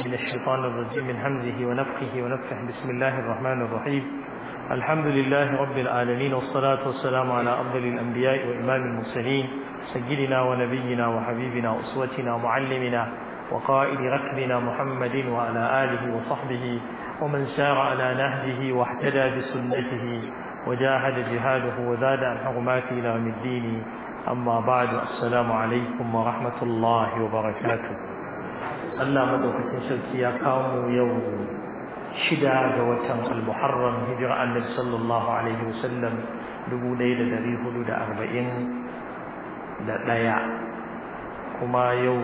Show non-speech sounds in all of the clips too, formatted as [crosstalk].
من الشيطان الرجيم من همزه ونفخه ونفخه بسم الله الرحمن الرحيم الحمد لله رب العالمين والصلاة والسلام على أفضل الأنبياء وإمام المرسلين سجلنا ونبينا وحبيبنا وأسوتنا ومعلمنا وقائد ركبنا محمد وعلى آله وصحبه ومن سار على نهجه واحتدى بسنته وجاهد جهاده وزاد عن حرماته إلى من الدين أما بعد السلام عليكم ورحمة الله وبركاته Allah madaukakin sarki ya kawo mu yau shida ga watan al-Muharram hijira Annabi sallallahu alaihi wasallam 1441 kuma yau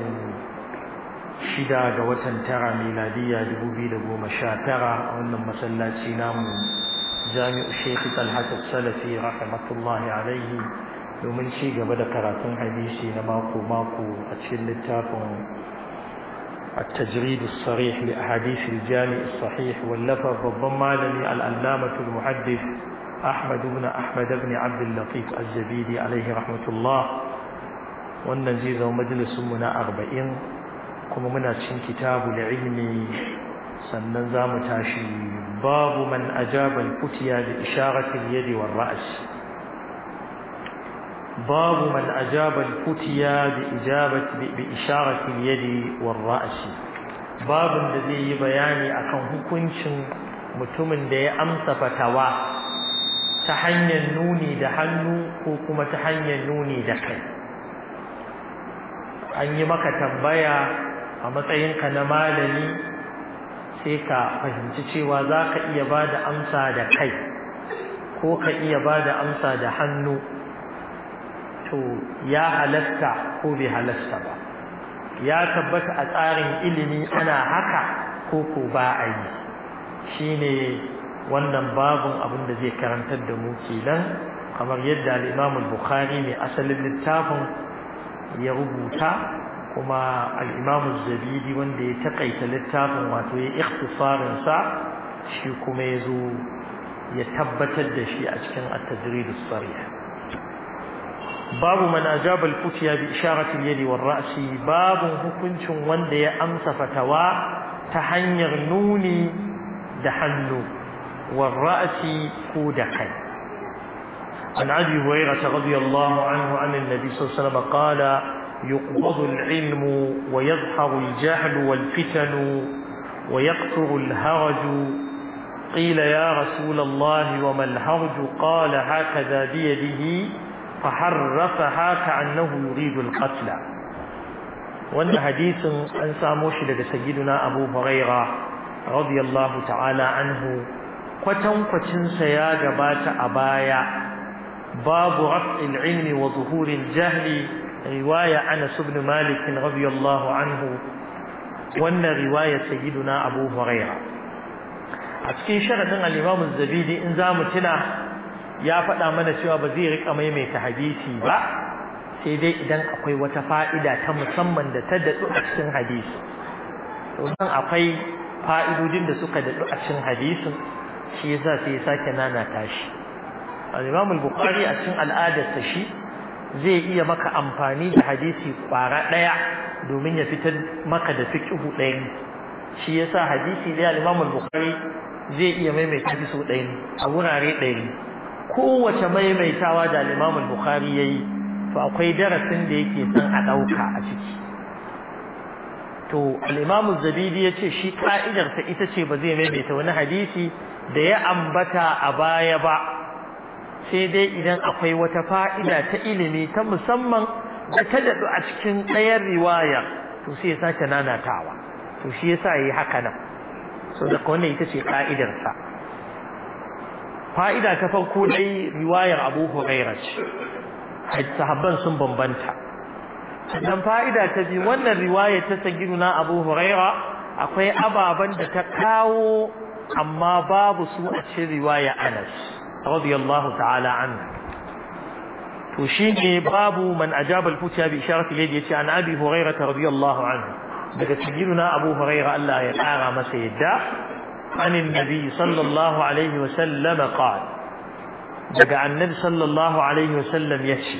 shida ga watan tara miladiya 2019 a wannan masallaci namu Jami'u Sheikh Talha Salafi rahmatullahi alaihi domin ci gaba da karatun hadisi na mako mako a cikin littafin التجريد الصريح لأحاديث الجامع الصحيح واللفظ والضمالني الألامة المحدث أحمد بن أحمد بن عبد اللطيف الزبيدي عليه رحمة الله والنزيز ومجلس منا أربعين كما منا كتاب العلم سننزام تاشي باب من أجاب الفتيا بإشارة اليد والرأس باب من أجاب الفتية بإجابة بإشارة اليد والرأس باب الذي بياني أكون كنش متمن دي أمس فتوا تحني النوني دحنو كوكما تحني النوني دحن أن يمك تنبيا أما تأينك نمالني سيكا فهمتشي وذاك إيباد أمسا دحي كوكا إيباد أمسا دحنو to ya halasta ko bai halasta ba ya tabbata a tsarin ilimi ana haka ko ko ba a yi shine wannan babun abin da zai karantar da mu kilan kamar yadda al-Imam al-Bukhari mai asalin littafin ya rubuta kuma al'imamu zabidi wanda ya taƙaita littafin wato ya ikhtisarinsa shi kuma ya zo ya tabbatar da shi a cikin attajiri da باب من أجاب الفتيا بإشارة اليد والرأس باب هكنت وندي أمس فتوى تحنير نوني دحنو والرأس كودك عن أبي هريرة رضي الله عنه عن النبي صلى الله عليه وسلم قال يقبض العلم ويظهر الجهل والفتن ويقتر الهرج قيل يا رسول الله وما الهرج قال هكذا بيده faharrafaha haka yuridu al kasla. wannan hadisin an samo shi daga sayyiduna Abu Huraira radiyallahu ta'ala anhu kwatankwacinsa ya gabata a baya babu raf'il ilmi wa zuhuril jahli riwaya Anas malikin Malik radiyallahu anhu wannan riwaya sayyiduna Abu Huraira a cikin sharadin al-Imam az-Zabidi in za mu tuna ya faɗa mana cewa ba zai rika maimaita hadisi ba sai dai idan akwai wata fa'ida ta musamman da ta daɗu a cikin hadisi don akwai fa'idodin da suka daɗu a cikin hadisin shi yasa sai ya sake nana tashi al-Imam al-Bukhari a cikin ta shi zai iya maka amfani da hadisi kwara ɗaya domin ya fitar maka da fiqhu ɗaya shi yasa hadisi da al-Imam al-Bukhari zai iya maimaita shi so a wurare ɗaya kowace maimaitawa da Imam Bukhari yayi to akwai darasin da yake son a ɗauka a ciki to al-Imam ya ce shi ka'idar ita ce ba zai maimaita wani hadisi da ya ambata a baya ba sai dai idan akwai wata fa'ida ta ilimi ta musamman da ta dadu a cikin ɗayan riwaya to sai ya sake nanatawa to shi yasa yayi haka nan so da wannan ita ce ka'idarsa fa'ida ta farko dai riwayar Abu Hurairah ce sahabban sun bambanta dan fa'ida ta biyu wannan riwaya ta na Abu Hurairah akwai ababen da ta kawo amma babu su a cikin riwaya Anas radiyallahu ta'ala anhu to shine babu man ajaba al-futiha bi isharati yadi yace an Abi Hurairah radiyallahu anhu daga na Abu Hurairah Allah ya ƙara masa yadda عن النبي صلى الله عليه وسلم قال جاء النبي صلى الله عليه وسلم يشي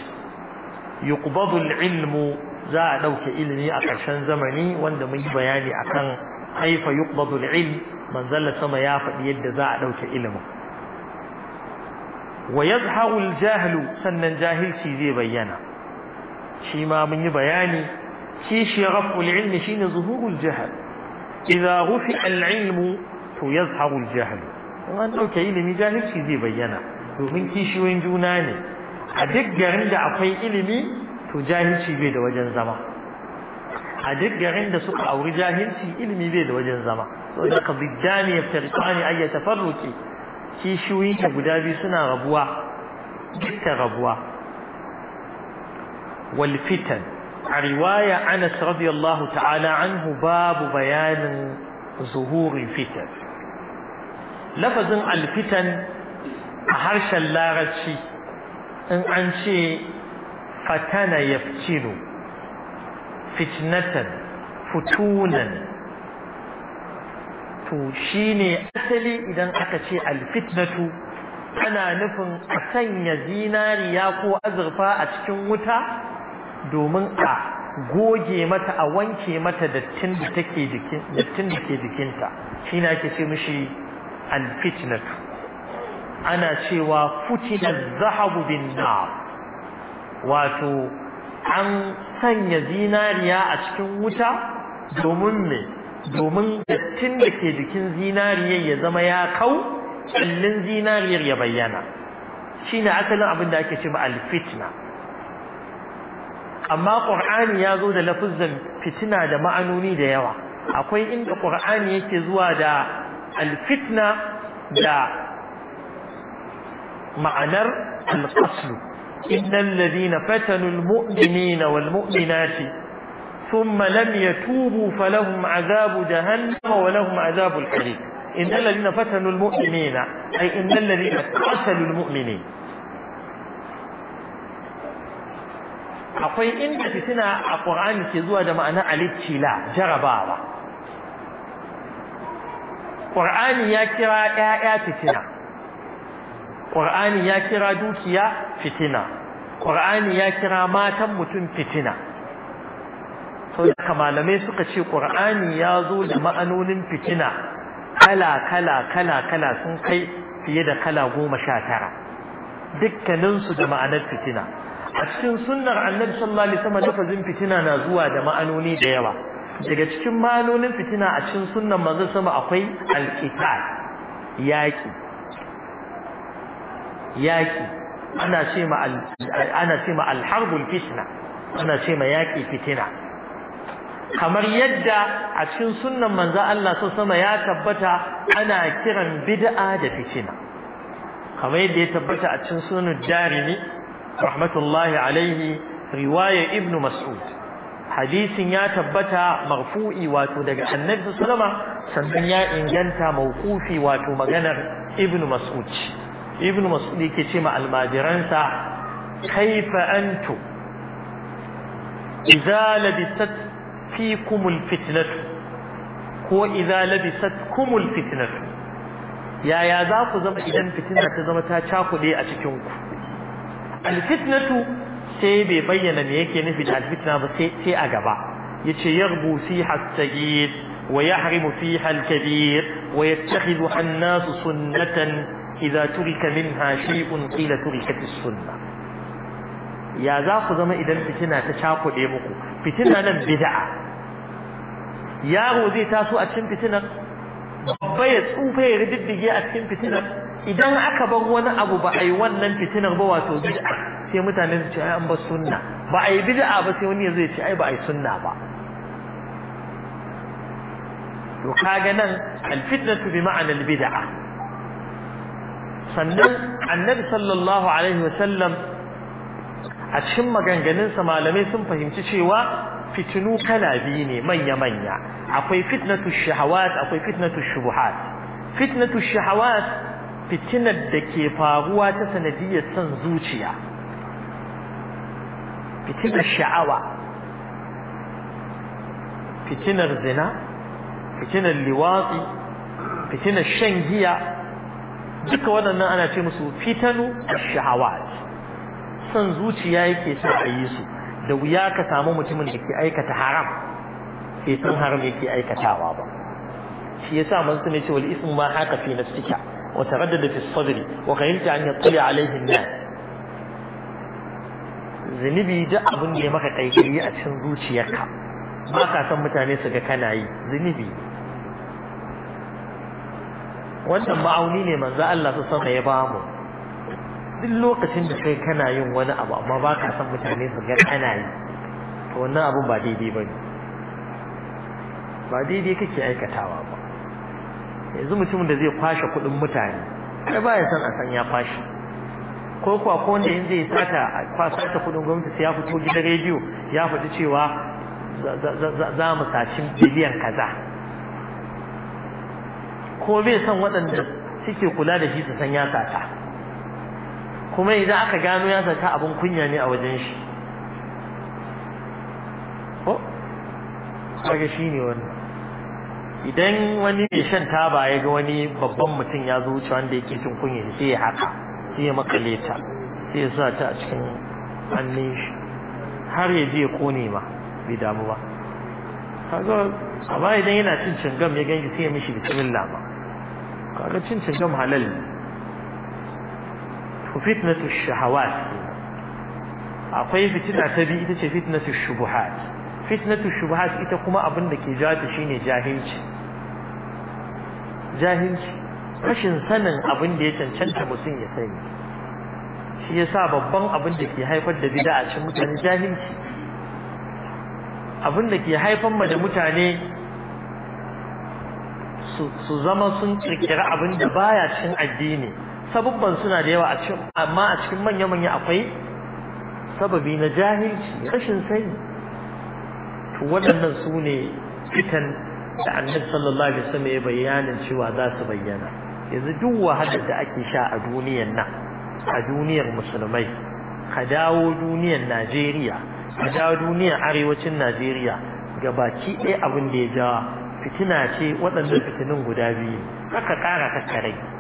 يقبض العلم زادوك إلمي أكشن زمني واندم يبياني أكن كيف يقبض العلم من ذل سما يافد يد زادوك إلم ويضحى الجاهل سنن جاهل سيدي بيانا شما من يبياني كيش يغفو العلم شين ظهور الجهل إذا غفئ العلم to yazharu al-jahl an dauke ilimi jahilci zai bayyana domin kishiyoyin juna ne a duk garin da akwai ilimi to jahilci bai da wajen zama a duk garin da suka auri jahilci ilimi bai da wajen zama so da ka biddani ya tarqani ay tafarruqi kishiyoyin ta guda biyu suna rabuwa dukkan rabuwa wal fitan a riwaya Anas radiyallahu ta'ala anhu babu bayanin zuhurin fitan lafazin alfitan a harshen larabci in an ce fatana ya ciro fitnatan futunan to shi ne asali idan aka ce alfitnatu ana nufin a sanya zinariya ko azurfa a cikin wuta domin a goge mata a wanke mata dattin da take jikinta shi da ke ake ce mishi alfitnatu ana cewa futinan zahabu bin nar wato an sanya zinariya a cikin wuta domin ne domin dattin da ke jikin zinariya ya zama ya kau ƙillin zinariyar ya bayyana shine asalin abin da ake ce ma alfitna amma ƙur'ani ya zo da lafizan fitina da ma'anoni da yawa akwai inda ƙur'ani yake zuwa da الفتنة دا معنر القتل إن الذين فتنوا المؤمنين والمؤمنات ثم لم يتوبوا فلهم عذاب جهنم ولهم عذاب الحريق إن الذين فتنوا المؤمنين أي إن الذين قتلوا المؤمنين akwai inda fitina a Qur'ani ke zuwa da ma'ana al-ibtila jarabawa ƙur'ani ya kira ‘ya'ya fitina ƙur'ani ya kira dukiya fitina ƙur'ani ya kira matan mutum fitina So, da malamai suka ce ƙur'ani ya zo da ma'anonin fitina kala kala kala kala sun kai fiye da kala goma sha tara dukkaninsu da ma'anar fitina a cikin sunnar annabi sallallahu sama lafazin fitina na zuwa da ma'anoni da yawa daga cikin malolin fitina a cikin sunnan manzon sama akwai alqital yaki yaki ana ce ma ana ce ma alharbul fitna ana ce ma yaki fitina kamar yadda a cikin sunnan manzon Allah so sama ya tabbata ana kiran bid'a da fitina kamar yadda ya tabbata a cikin sunan darimi rahmatullahi alaihi riwaya ibnu mas'ud hadisin ya tabbata marfu'i wato daga annabi sallama sannan ya inganta mawqufi wato maganar ibnu mas'ud ibnu mas'ud yake ce ma almajiransa kaifa antu idza labisat fikum alfitnatu ko idza labisatkum alfitnatu yaya za ku zama idan fitina ta zama ta cakude a cikin ku alfitnatu sai bai bayyana me yake nufi da alfitna ba sai sai a gaba yace yaghbu fi as wa yahrimu fi al-kabir wa yattakhidhu an-nas sunnatan idza turika minha shay'un ila turikat as-sunnah ya za ku zama idan fitina ta chakude muku fitina nan bid'a yaro zai taso a cikin fitinan babba ya tsufa ya riddige a cikin fitinar idan aka bar wani abu ba a yi wannan fitinar ba wato bid'a sai mutane su ce ai an bar sunna ba a bid'a ba sai wani ya zai ce ai ba a sunna ba to kaga nan fitnatu bi ma'ana bid'a sannan annabi sallallahu alaihi wasallam a cikin maganganunsa malamai sun fahimci cewa fitinu kala biyu ne manya-manya akwai fitnatu shahawat akwai fitnatu shubuhat fitnatu shahawat fitinar da ke faruwa ta sanadiyar son zuciya fitinar sha'awa fitinar zina fitinar liwatsi fitinar shan giya duka waɗannan ana ce musu fitanu shahawat son zuciya yake sa a yi su da wuya ka samu mutumin da ke aikata haram sai sun haram yake aikatawa ba shi yasa mun sun ce wal ismu ma haka fi nafsika wa taraddada fi sadri wa khayalta an yatli alayhi an Zinibi zunubi da abin da ya maka kaikayi a cikin zuciyarka ba ka san mutane su ga kana yi zinibi. wannan ma'auni ne manzo Allah su sama ya bamu duk lokacin da kai kana yin wani abu amma ba ka san mutane su ga kana yi to wannan abun ba daidai ba ne ba daidai kake aikatawa ba yanzu mutumin da zai kwashe kuɗin mutane kai ba ya san a san ya kwashe ko kuwa ko wanda yanzu zai sata kwasa ta kuɗin gwamnati sai ya fito gidan rediyo ya faɗi cewa za mu saci biliyan kaza ko bai san waɗanda suke kula da shi su san ya sata kuma idan aka gano ya zata abin kunya ne a wajen shi ko shi shine wannan idan wani mai shan taba ya ga wani babban mutum ya zo wuce wanda yake cin kunya ne sai ya haka sai ya maka leta sai ya sa ta a cikin hannun shi har ya je ya kone ma bai damu ba kaga amma idan yana cin cingam ya ganki sai ya mishi bismillah ba kaga cin cingam halal ne fitnatu shahawat akwai fitina ta biyu ita ce fitnatu shubuhat fitnatu shubuhat ita kuma abin da ke jawo shine jahilci jahilci rashin sanin abin da ya cancanta mutum ya sani shi yasa babban abin da ke haifar da bid'a a cikin mutane jahilci abin da ke haifar ma da mutane su zama sun kirkira abin da baya cikin addini sabubban suna da yawa a cikin amma a cikin manya-manya akwai sababi na jahilci rashin sani to waɗannan su ne fitan da annabi sallallahu alaihi wasallam ya bayyana cewa za su bayyana yanzu duk wahalar da ake sha a duniyar nan a duniyar musulmai ka dawo duniyar Najeriya ka dawo duniyar arewacin Najeriya ga baki ɗaya abin da ya jawa fitina ce waɗannan fitinin guda biyu kaka ƙara kakkarai.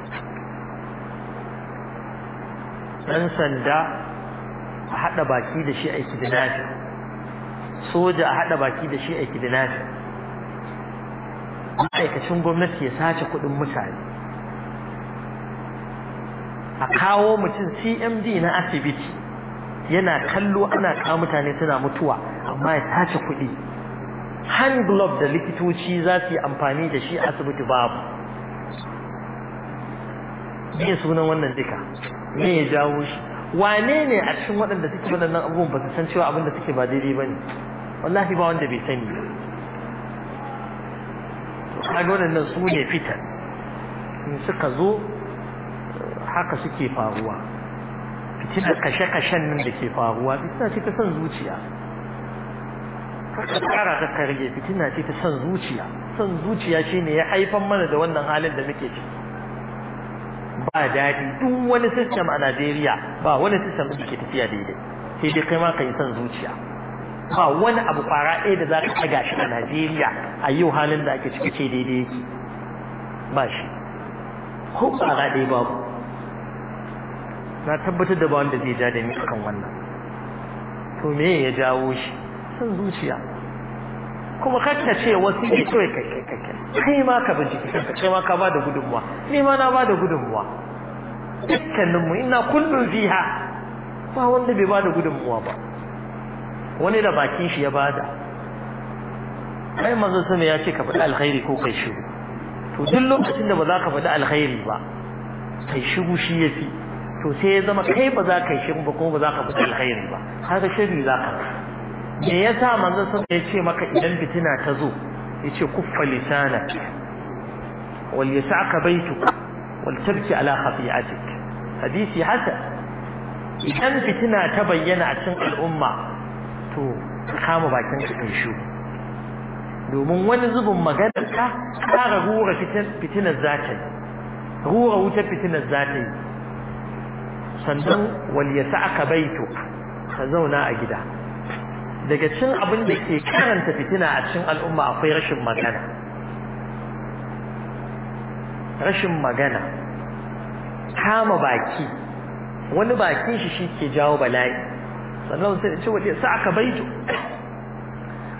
ɗan sanda a haɗa baki da shi a soja a haɗa baki da shi a ma'aikacin gwamnati ya sace kuɗin mutane a kawo mutum cmd na asibiti yana kallo ana kawo mutane suna mutuwa amma ya sace kuɗi hand glove da likitoci za su yi amfani da shi asibiti babu me sunan wannan duka me ya jawo shi wane ne a cikin waɗanda suke waɗannan abubuwan ba su san cewa abin da suke ba daidai ba ne wallahi ba wanda bai sani ba kaga waɗannan su ne fitar in suka zo haka suke faruwa fitina kashe-kashen nan da ke faruwa fitina ce ta son zuciya ka kara ta karye fitina ce ta son zuciya son zuciya ne ya haifan mana da wannan halin da muke ciki ba daɗi duk wani system a Najeriya ba wani system da ke tafiya daidai sai dai kai ma kai san son zuciya ba wani abu fara ɗaya da za ka shi a Najeriya a yau halin da ake ciki ce daidai yake ba shi ko kwara ɗaya ba na tabbatar da ba wanda zai ja da ni akan wannan to me ya jawo shi son zuciya kuma kakkace ce wasu ne kawai kai kai kai kai ma ka binciki kanka kai ma ka ba da gudunmuwa ni ma na ba da gudunmuwa mu ina kullun fiha ba wanda bai ba da gudunmuwa ba wani da bakin shi ya bada kai manzo sama ya ce ka faɗi alkhairi ko kai shiru to duk lokacin da ba za ka faɗi alkhairi ba kai shiru shi ya fi to sai ya zama kai ba za ka yi shiru ba kuma ba za ka faɗi alkhairi ba har ka shiri za ka me yasa manzo sama ya ce maka idan fitina ta zo يشي كف لسانك وليسعك بيتك ولتبكي على خفيعتك حديثي حسن إذا فتنة تبين عشان الأمة تو خام باكين تنشو لو من وين زبون مجد كا كار هو فتنة فتنة ذاتي هو هو فتنة ذاتي صندوق وليسعك بيتك خذونا أجدام daga cin abin da ke karanta fitina a cin al'umma akwai rashin magana rashin magana kama baki wani bakin shi shi ke jawo bala'i sannan sai da ce waje sa aka baito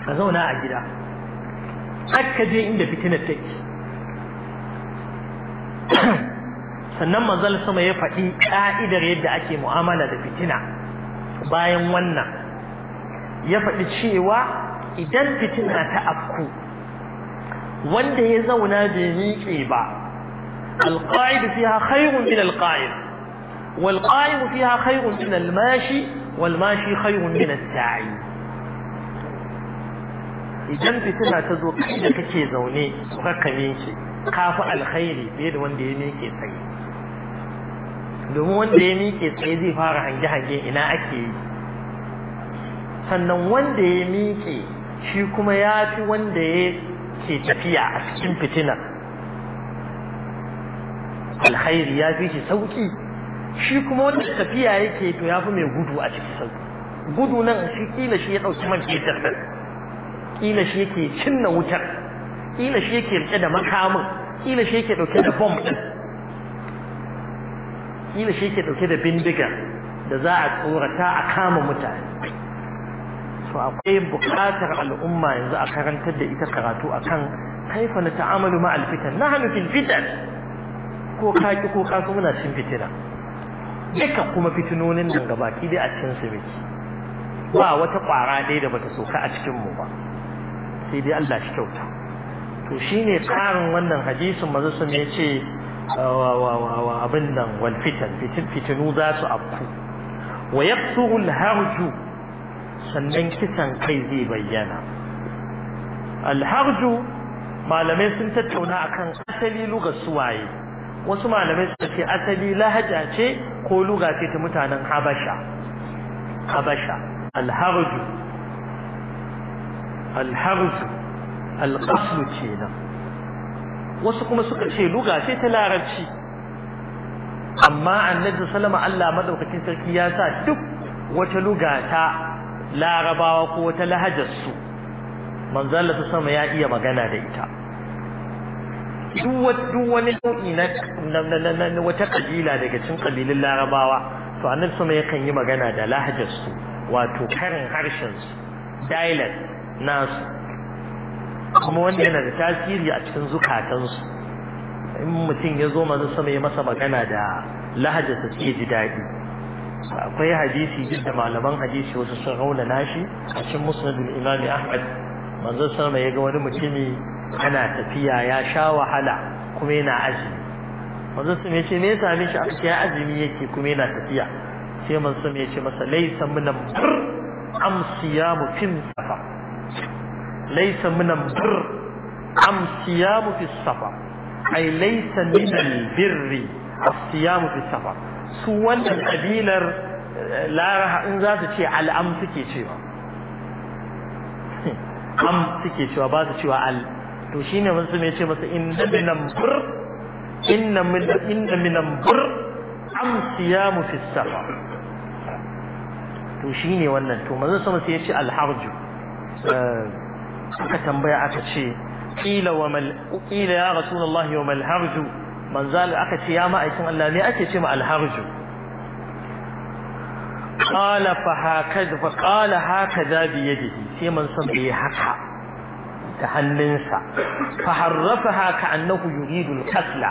ka zauna a gida aka je inda fitinar take sannan manzal sama ya faɗi ƙa'idar yadda ake mu'amala da fitina bayan wannan ya faɗi cewa idan fitina ta afku wanda ya zauna da miƙe ba alqa'id fiha khairun min alqa'id wal qa'im fiha khairun min al mashi wal mashi khairun min al sa'i idan fitina ta zo kai da kake zaune ka kame ki kafi alkhairi fiye da wanda ya miƙe tsaye domin wanda ya miƙe tsaye zai fara hange-hange ina ake yi sannan wanda ya miƙe shi kuma ya fi wanda ya ke tafiya a cikin fitina alkhairi ya fi shi sauki shi kuma wanda tafiya yake to ya fi mai gudu a ciki sauki gudu nan shi kila shi ya ɗauki man fetur ɗin kila shi yake cinna wutar kila shi yake rike da makamin kila shi yake ɗauke da bomb ɗin kila shi yake ɗauke da bindiga da za a tsorata a kama mutane To akwai bukatar al'umma yanzu a karantar da ita karatu akan kaifa na ta'amalu ma alfitan na hannu fil fitan ko kaki ko kasu muna cin fitina duka kuma fitinonin nan gabaki dai a cikin su miki ba wata kwara dai da bata soka a cikin mu ba sai dai Allah shi kyauta to shine tsarin wannan hadisin manzo sun yace abin nan wal fitan fitin fitinu za su afku wa yaqtu al harju sannan kisan kai zai bayyana alharju malamai sun tattauna akan asali lugar suwaye wasu malamai suka ce asali lahaja ce ko luga ce ta mutanen habasha habasha alharju alharju alqaslu kenan wasu kuma suka ce luga ce ta larabci amma annabi wasallam Allah madaukakin sarki ya sa duk wata lugata. larabawa ko wata lahajarsu manzon ta sama ya iya magana da ita duk wani nau'i na wata kabila daga cikin kabilun larabawa to annabi sama yakan yi magana da lahajarsu wato karin harshensu dialect nasu kuma wanda yana da tasiri a cikin zukatansu in mutum ya zo manzo sama ya masa magana da lahajarsa suke ji daɗi akwai hadisi duk da malaman hadisi wasu sun rauna nashi a cikin musnad al imam ahmad manzo sama ya ga wani mutumi ana tafiya ya sha wahala kuma yana azumi manzo sun yace ce me ya same shi aka ce azumi yake kuma yana tafiya sai manzo sun yace masa laysa minan bir am siyamu fi safa laysa minan bir am siyamu fi safa ay laysa minan birri as-siyamu fi safa su wannan kabilar eh, laraha in za su ce al'am suke cewa [laughs] am suke cewa ba su cewa al to shine wasu mai ce masa inna minan bur inna minan inna minan bur am siyamu fi safa to shi ne wannan to manzo sama sai ya ce alharju eh, aka tambaya aka ce qila wa mal qila ya rasulullahi wa mal harju manzal aka ce ya ma'aikin Allah me ake ce ma alharju qala fa hakad fa qala hakaza bi yadihi sai man san bai haka ta hannunsa fa harrafaha ka annahu yuridu al-qatla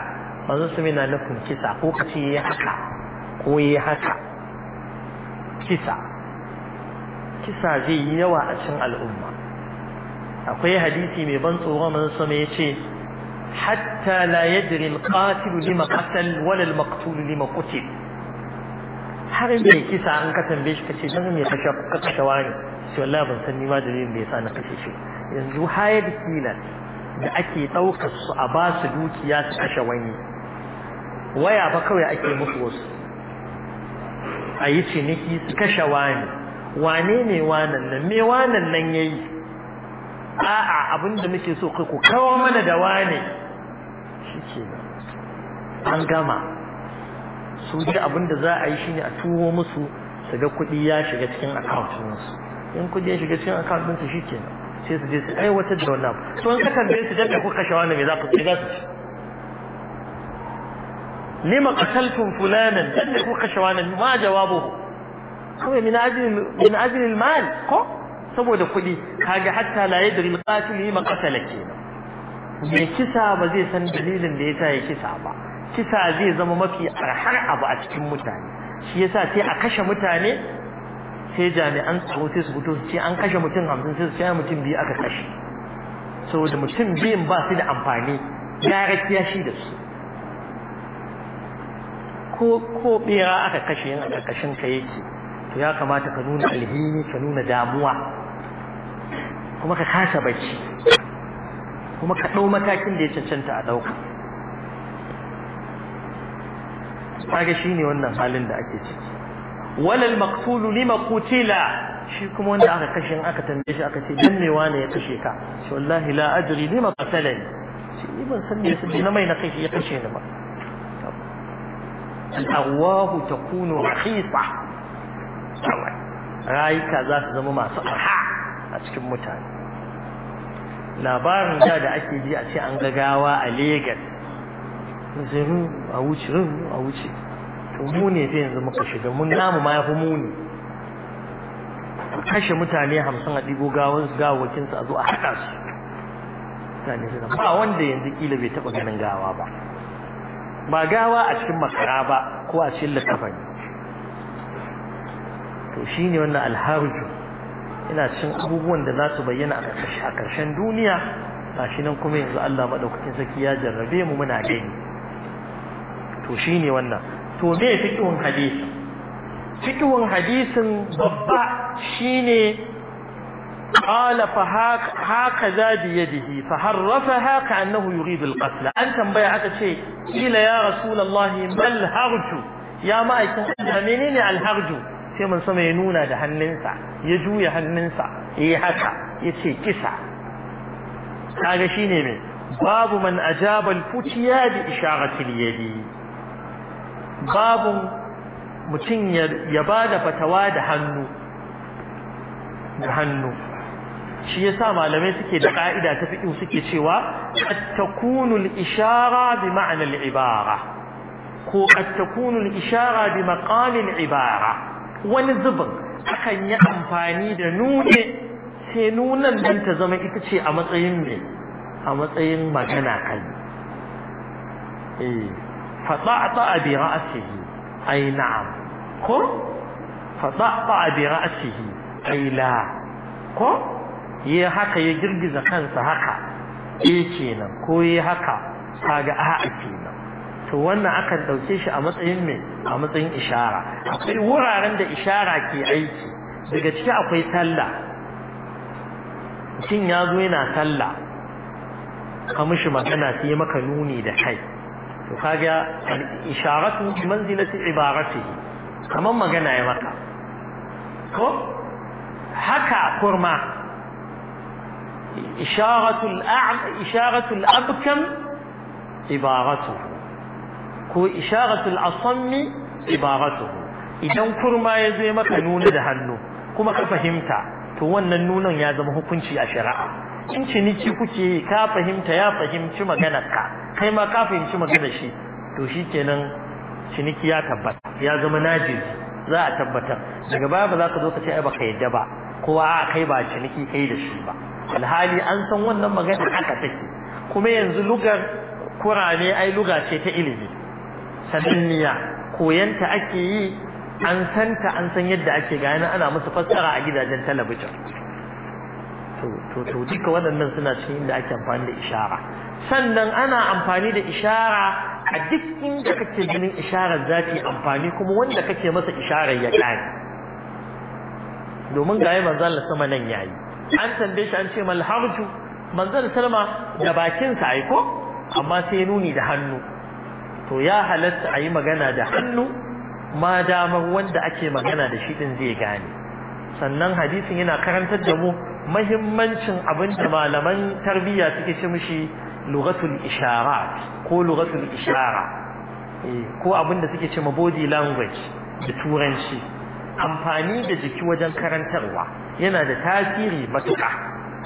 manzo su na nufin kisa ko kace ya haka ko ya haka kisa kisa zai yi yawa a cikin al'umma akwai hadisi mai ban tsoro manzo ya ce hatta la yadri alqatil lima qatal wala almaqtul lima qutil har me kisa an ka tambaye shi kace dan me kashe ka kashe wani sai wallahi ban san ni ma dalilin da yasa na kashe shi yanzu hayar kila da ake daukar su a ba su dukiya su kashe wani waya ba kawai ake musu wasu a yi ciniki su kashe wani wane ne wanan nan me wanan nan yayi a'a abinda muke so kai ku kawo mana da wane shike an gama su ji abinda za a yi shine a tuwo musu su ga kuɗi ya shiga cikin account su in kuɗi ya shiga cikin account su shike sai su je su aiwatar da wannan to in ka tambaye su dan kuka shawa ne me za ku ce za su ci lima qataltum fulanan dan ku kashe ne ma ko kawai min ajli min ajli al-mal ko saboda kuɗi kaga hatta la yadri al ma lima qatala mai kisa ba zai san dalilin da yasa ya kisa ba kisa zai zama mafi arhar abu a cikin mutane shi yasa sai a kashe mutane sai jami'an tsaro sai su fito sai an kashe mutum hamsin sai su ce mutum biyu aka kashe saboda mutum biyun ba su da amfani ya rakiya shi da su ko ko bira aka kashe yin a karkashin ka yake to ya kamata ka nuna alhini ka nuna damuwa kuma ka kasa bacci kuma ka ɗau matakin da ya cancanta a ɗauka kaga shi ne wannan halin da ake ciki walal maktulu lima kutila shi kuma wanda aka kashe in aka tambaye shi aka ce dan me wane ya kashe ka shi wallahi la ajri lima qatalani shi ni ban san me yasa na mai na kashe ya kashe ni ba al-arwahu takunu rakhisa rayuka za su zama masu arha a cikin mutane labarin da da ake ji a ce an gagawa a Legas zuru hmm, a wuce hmm, a wuce to mu ne sai yanzu muka shiga mun namu ma yafi mu ne kashe mutane hamsin a ɗigo wakin su a zo a haɗa su mutane suna ba wanda yanzu kila bai taɓa ganin gawa ba ba gawa a cikin makara ba ko a cikin littafani to shine wannan alharju ina cin abubuwan da za su bayyana a ƙarshen duniya gashi nan kuma yanzu Allah madaukakin saki ya jarrabe mu muna gani to ne wannan to me fiqhun hadisi fiqhun hadisin babba shine قال فهاك هكذا بيده فحرفها كأنه يريد القتل أن تنبي عكا قيل يا رسول الله ما الهرج يا ما يكون منين الهرج sai mun sama ya nuna da hannunsa ya juya hannunsa yayi haka yace kisa kaga shine me babu man ajaba al-futiya bi isharati yadi babu mutum ya ba da fatawa da hannu da hannu shi yasa malamai suke da ka'ida ta fiqh suke cewa at al-ishara bi ma'na al-ibara ko at al-ishara bi maqam al-ibara wani zubin akan yi amfani da nune sai nunan nan ta zama ita ce a matsayin ne a matsayin magana kai eh fata'ta bi ra'sihi "Ai na'am ko fata'ta bi ra'sihi "Ai la ko yi haka ya girgiza kansa haka eh kenan ko yi haka kaga a'a kenan to wannan akan ɗauke shi a matsayin mai a matsayin ishara akwai wuraren da ishara ke aiki daga ciki akwai sallah kin ya zo yana sallah ka mishi magana sai maka nuni da kai to kaga isharatu bi manzilati ibaratihi kaman magana ya maka ko haka kurma isharatu al-a'm isharatu al-abkam ibaratuhu ko isharatul asammi ibaratuhu idan kurma ya zai maka nuna da hannu kuma ka fahimta to wannan nunan ya zama hukunci a shari'a in ciniki kuke ka fahimta ya fahimci maganar ka kai ma ka fahimci maganar shi to shikenan ciniki ya tabbata ya zama najis za a tabbatar daga baya ba za ka zo ka ce ai baka yadda ba kowa a kai ba ciniki kai da shi ba alhali an san wannan maganar haka take kuma yanzu lugar kurane ai luga ce ta ilimi sananniya koyanta ake yi an santa an san yadda ake gani ana musu fassara a gidajen talabijin to to to duka waɗannan suna cikin inda ake amfani da ishara sannan ana amfani da ishara a duk inda kake ganin isharar za ta yi amfani kuma wanda kake masa isharar ya gane domin ga yi manzan sama nan ya yi an tambaye shi an ce malharju manzan salma da bakinsa ko amma sai nuni da hannu to ya halatta a yi magana da hannu ma damar wanda ake magana da shi ɗin zai gane sannan hadisin yana karantar da mu mahimmancin abin da malaman tarbiyya suke ce mishi lugatul ishara ko lugatul ishara ko abin da suke ce ma body language da turanci amfani da jiki wajen karantarwa yana da tasiri matuƙa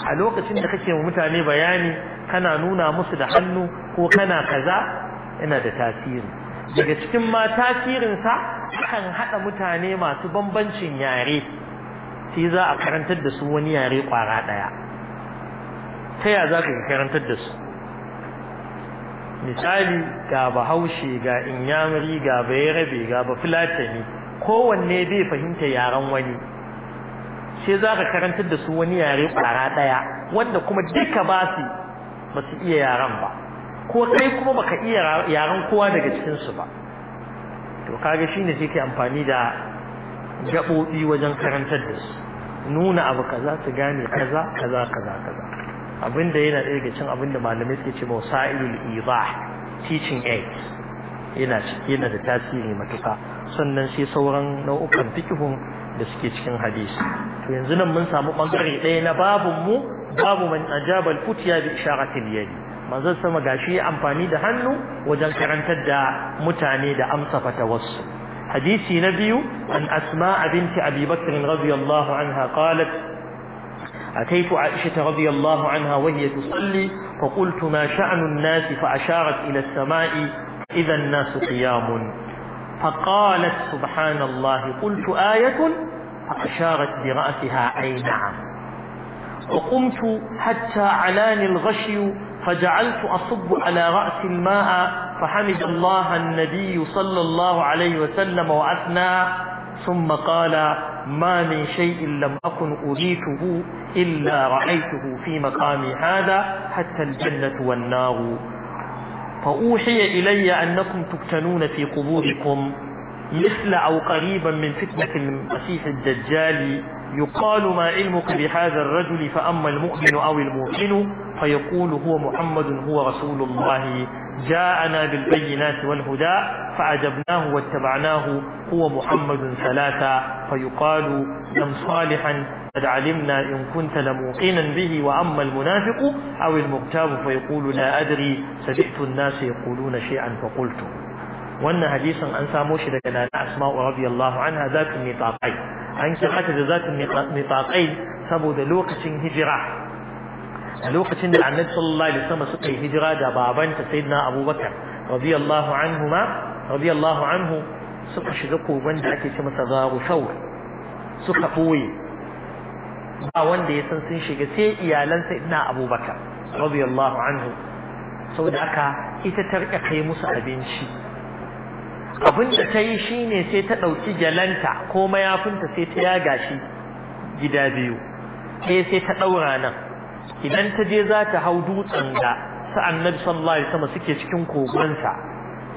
a lokacin da kake wa mutane bayani kana nuna musu da hannu ko kana kaza yana da tasiri daga cikin ma tasirinsa kan haɗa mutane masu bambancin yare sai za a karantar da su wani yare ƙwara ɗaya ta ya za ka karantar da su misali ga bahaushe ga inyamuri ga bayarabe ga Filatani, kowanne bai fahimta yaren wani sai za ka karantar da su wani yare ƙwara ɗaya wanda kuma duka ba ba iya yaren ba ko kai kuma baka iya yaran kowa daga cikin su ba to kaga shine sai ke amfani da gabobi wajen karantar da su nuna abu kaza su gane kaza kaza kaza kaza abinda yana ɗaya daga cikin abinda malamai suke ce masailul idah teaching aid yana yana da tasiri matuka sannan sai sauran nau'ukan fikihun da suke cikin hadisi to yanzu nan mun samu bangare ɗaya na babun mu babu man ajabal kutiya futiya bi isharatil yadi manzon sama gashi amfani da hannu wajen karantar da mutane da amsa fatawarsu hadisi na biyu an asma binti abi bakr radhiyallahu anha qalat أتيت عائشة رضي الله عنها وهي تصلي فقلت ما شأن الناس فأشارت إلى السماء إذا الناس قيام فقالت سبحان الله قلت آية فأشارت برأسها أي نعم وقمت حتى علاني الغشي فجعلت أصب على رأس الماء فحمد الله النبي صلى الله عليه وسلم وأثنى ثم قال ما من شيء لم أكن أريته إلا رأيته في مقامي هذا حتى الجنة والنار فأوحي إلي أنكم تفتنون في قبوركم مثل أو قريبا من فتنة المسيح الدجال يقال ما علمك بهذا الرجل فأما المؤمن أو المؤمن فيقول هو محمد هو رسول الله جاءنا بالبينات والهدى فعجبناه واتبعناه هو محمد ثلاثة فيقال لم صالحا قد علمنا إن كنت لموقنا به وأما المنافق أو المغتاب فيقول لا أدري سمعت الناس يقولون شيئا فقلت وأن حديثا أن ساموش لكنا أسماء رضي الله عنها ذات النطاقين أن كحت ذات النطاقين سبو ذلوقة هجرة a lokacin da annabi sallallahu alaihi wasallam suka yi hijira da babanta sayyidina abubakar radiyallahu anhu ma radiyallahu anhu suka shiga kogon da ake ce masa zaru sau suka boye ba wanda ya san sun shiga sai iyalan sayyidina abubakar radiyallahu anhu saboda haka ita ta kai musu abinci abin da ta yi shine sai ta ɗauki gyalanta ko mayafinta sai ta yaga shi gida biyu sai eh, sai ta ɗaura nan idan ta je za ta hau dutsen da sa annabi sallallahu alaihi wasallam suke cikin kogonsa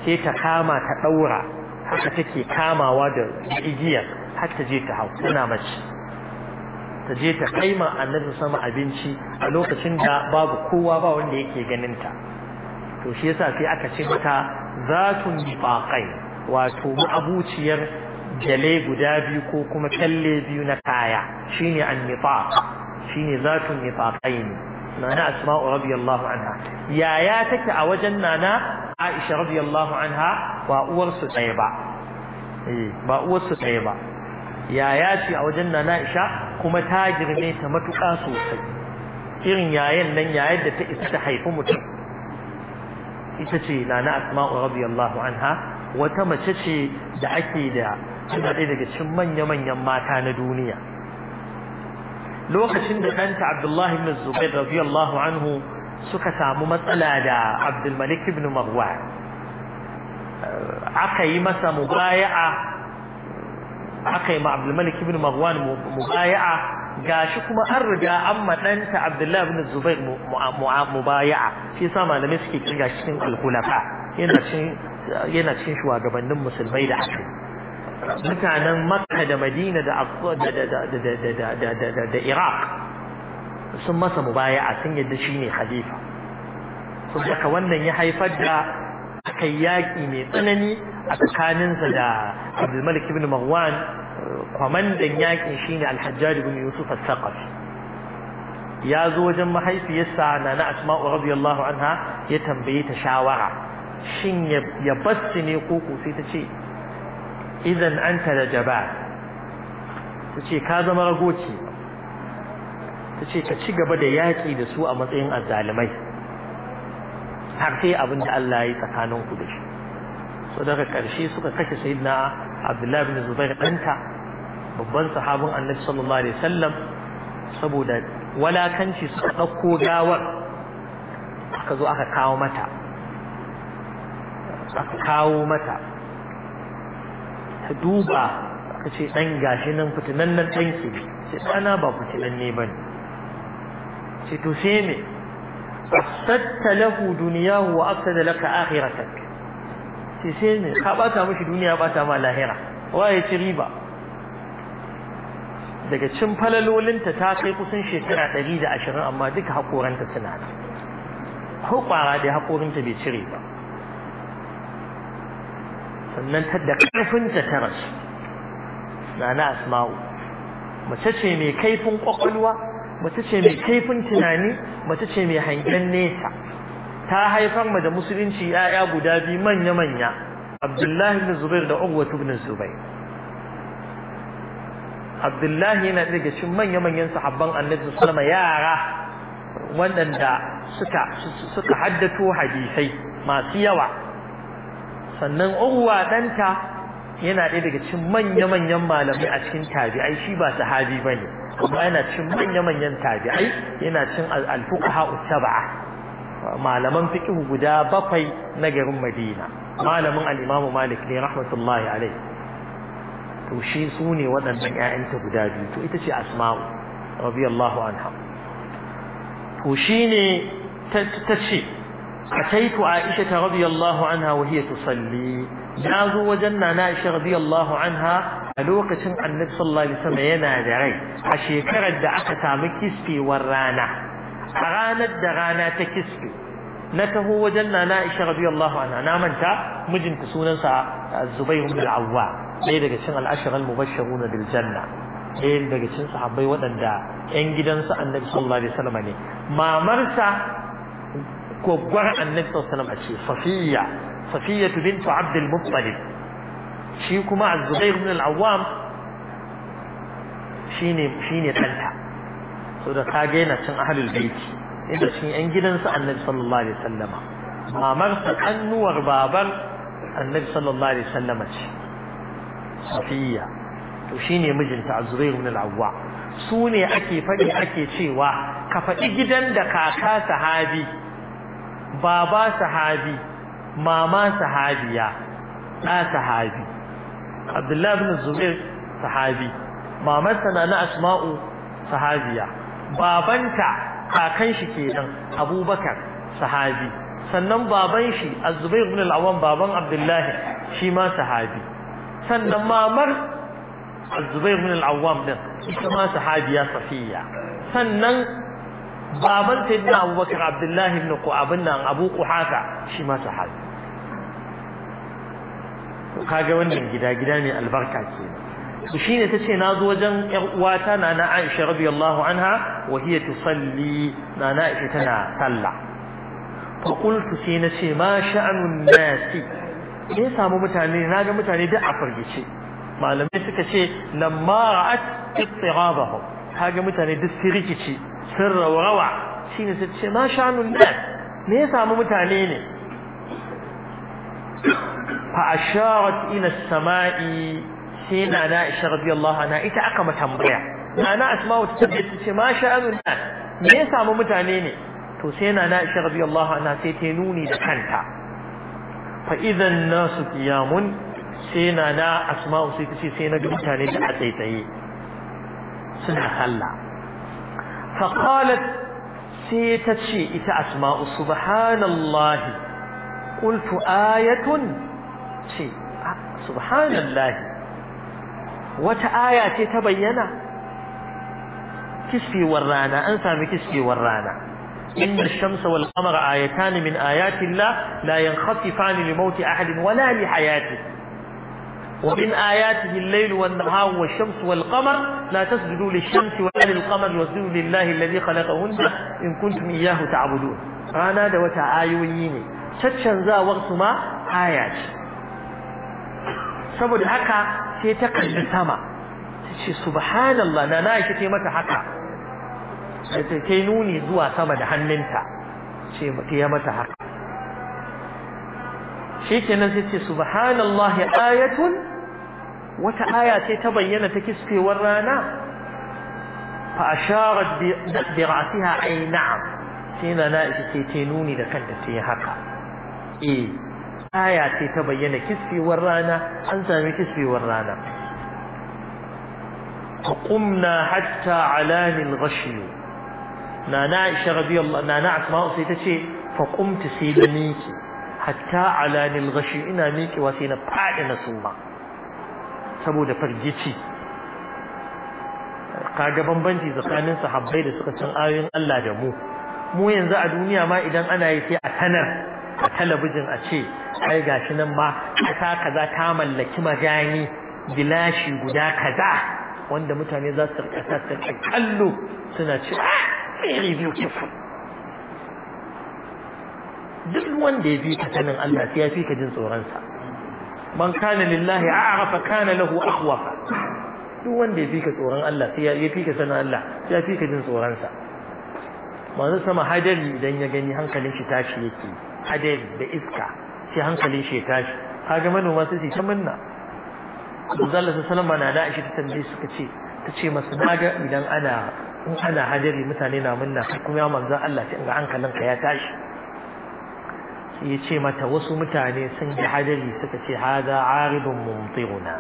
sai ta kama ta ɗaura haka take kamawa da igiyar har ta je ta hau tana mace ta je ta kaima annabi sama abinci a lokacin da babu kowa ba wanda yake ganin ta to shi yasa sai aka ce mata zatun baqai wato abuciyar gale guda biyu ko kuma kalle biyu na kaya shine annifaq shine zatun nifaqain nana asma'u radiyallahu anha yaya take a wajen nana aisha radiyallahu anha ba uwar su tsaye ba eh ba su tsaye ba yaya ce a wajen nana aisha kuma ta girme ta matuƙa sosai irin yayan nan yayar da ta isa ta haifi mutum ita ce nana asma'u radiyallahu anha wata mace ce da ake da tana ɗaya daga cikin manya-manyan mata na duniya lokacin da ɗanta Abdullahi ibn Zubair radiyallahu anhu suka samu matsala da Abdul Malik ibn Marwan eh, aka yi masa mubaya'a aka yi ma Abdul Malik ibn Marwan mubaya'a gashi kuma an riga an madanta Abdullahi ibn Zubair mubaya'a shi yasa malamai suke kirga cikin al yana cikin yana cikin shugabannin musulmai da aka mutanen makka da madina da da iraq sun masa mubaya'a sun yadda shine Khalifa. halifa ka wannan ya haifar da kai yaƙi mai tsanani a tsakaninsa da abdulmalik ibn marwan kwamandan yaƙin shine alhajjaj ibn yusuf as-saqafi ya zo wajen mahaifiyarsa nana asma'u radiyallahu anha ya tambaye ta shawara shin ya bassi ne ko ko sai ta ce idan anta da jaba ta ce ka zama ragoci ta ce ka ci gaba da yaƙi da su a matsayin azzalumai har sai abin da Allah ya yi tsakanin ku da shi so daga ƙarshe suka kashe sayyidina Abdullahi bin Zubair ɗanta babban sahabin Annabi sallallahu alaihi wasallam saboda walakanci suka ɗauko gawar aka zo aka kawo mata aka kawo mata ka duba ka ce ɗan gashi nan fitinan nan ɗan ke ce ɗana ba fitinan ne ba ne ce to sai me afsatta lahu duniya wa da laka ta ce sai me ka bata mashi duniya bata ma lahira waye ci riba daga cin falalolinta ta kai kusan shekara ɗari da ashirin amma duka haƙoranta suna nan ko ƙwara dai hakorinta bai cire ba sannan ta da ƙarfinta ta rasu na na asma'u mace ce mai kaifin kwakwalwa mace ce mai kaifin tunani mace ce mai hangen nesa ta haifar ma da musulunci ‘ya'ya guda biyu manya-manya abdullahi bin zubair da ugwatu bin zubair abdullahi yana daga cikin manya-manyan sahabban annabi sallama yara waɗanda suka haddato hadisai masu yawa sannan urwa ɗanta yana ɗaya daga cikin manya-manyan malamai a cikin tabi'ai shi ba sahabi ba ne kuma yana cikin manya-manyan tabi'ai yana cikin alfuqaha usaba'a malaman fiqh guda bakwai na garin Madina malamin al-Imam Malik ne rahmatullahi alai to shi sune waɗannan ƴaƴanta guda biyu to ita ce Asma'u radiyallahu anha to shine ta ce أتيت عائشة رضي الله عنها وهي تصلي نازو وجنة نائشة رضي الله عنها ألوقة النبي صلى الله عليه وسلم ينادعي أشيكرة دعك تعمل كسبي ورانا أغانت دغانا تكسبي نته وجنة نائشة رضي الله عنها نامنتا مجن تسونا الزبير بن العوام ɗaya daga cikin al'ashirar mubashiruna bil janna ɗaya daga cikin sahabbai waɗanda 'yan gidansa annabi sallallahu alaihi wasallam ne mamarsa gwaggwar annabi sallallahu alaihi wasallam safiya safiya bint abd al-muttalib shi kuma az-zubair ibn al-awwam shine shine tanta so da kage yana cin ahlul bait inda shi yan gidansa annabi sallallahu alaihi wasallam mamar ta annuwar baban annabi sallallahu alaihi wasallam ce safiya to shine mijinta az-zubair ibn al-awwam su ne ake faɗi ake cewa ka faɗi gidan da kaka sahabi baba sahabi mama sahabiya ɗa sahabi abdullahi bin zubair sahabi mamarsa na na asma'u sahabiya babanta kakan shi kenan abubakar sahabi sannan baban shi az-zubair bin al-awwam baban abdullahi shi ma sahabi sannan mamar az-zubair bin al-awwam din ita ma sahabiya safiya sannan baban sayyidina abubakar abdullahi ibn abin nan abu quhafa shi ma sahabi kaga wannan gida gida ne albarka ke shi ta ce na zo wajen ‘yar uwata na na Aisha radiyallahu anha wa hiya tusalli na na Aisha tana sallah fa qultu sai na ce ma sha'anun nasi samu mutane na ga mutane duk a fargice malamai suka ce lamma ra'at ittirabahum kaga mutane duk sirikici Sirra sun rawa shine sai ce ma shanu nas me ya samu mutane ne fa asharat ila samai sai na na isha radiyallahu anha ita aka tambaya ana asma'u ta ce ma shanu nas me ya samu mutane ne to sai na na isha radiyallahu anha sai ta nuni da kanta fa idan nasu qiyamun sai na na asma'u sai ta ce sai na ga mutane da a tsaitsaye suna sallah فقالت سيتشي شيء أسماء سبحان الله قلت آية شيء آه، سبحان الله وتآية تبينا كسفي ورانا أنسى بكسفي ورانا إن الشمس والقمر آيتان من آيات الله لا ينخففان لموت أحد ولا لحياته ومن آياته الليل والنهار والشمس والقمر لا تسجدوا للشمس ولا للقمر واسجدوا لله الذي خلقهن إن كنتم إياه تعبدون رانا دا وتا آيويني تشن ذا وقت ما آيات سبب هكا سيتقل السماء سبحان الله نانا عائشة متى هكا تينوني زوا سما دا هننتا شيء متى هكا شيء كنا سيتي سبحان الله آية wata aya ce ta bayyana ta kiskewar rana فأشارت برأسها أي نعم سينا نائشة تيتينوني دا كانت تيهاكا إيه آية تبين كسفي ورانا أنسى كسفي ورانا فقمنا حتى علاني الغشي نانا عائشة رضي الله نانا عثماء سيتشي فقمت سيدنيكي حتى علاني الغشي إنا ميكي وسينا بعد نسوما saboda fargici kaga bambanci tsakanin sahabbai da suka san ayoyin Allah da mu mu yanzu a duniya ma idan ana yi sai a tanar a talabijin a ce ai gashi nan ma kasa kaza ta mallaki magani gilashi guda kaza wanda mutane za su kasa ta kallo suna ce ah, very beautiful duk wanda ya bi ta sanin Allah sai ya fi ka jin tsoron sa man kana lillahi a'rafa kana lahu akhwafa duk wanda ya fika tsoron Allah sai ya fika sanin Allah sai ya fika jin tsoron sa manzo sama hadari idan ya gani hankalin shi tashi yake hadari da iska sai hankalin shi tashi kaga manoma sai su tamanna manzo Allah sallallahu alaihi na Aisha ta tambaye suka ce ta ce masu naga idan ana in ana hadari mutane na munna kuma ya manzo Allah sai ga ka ya tashi sai ya ce mata wasu mutane sun ji hadari suka ce haza aridun mumtiruna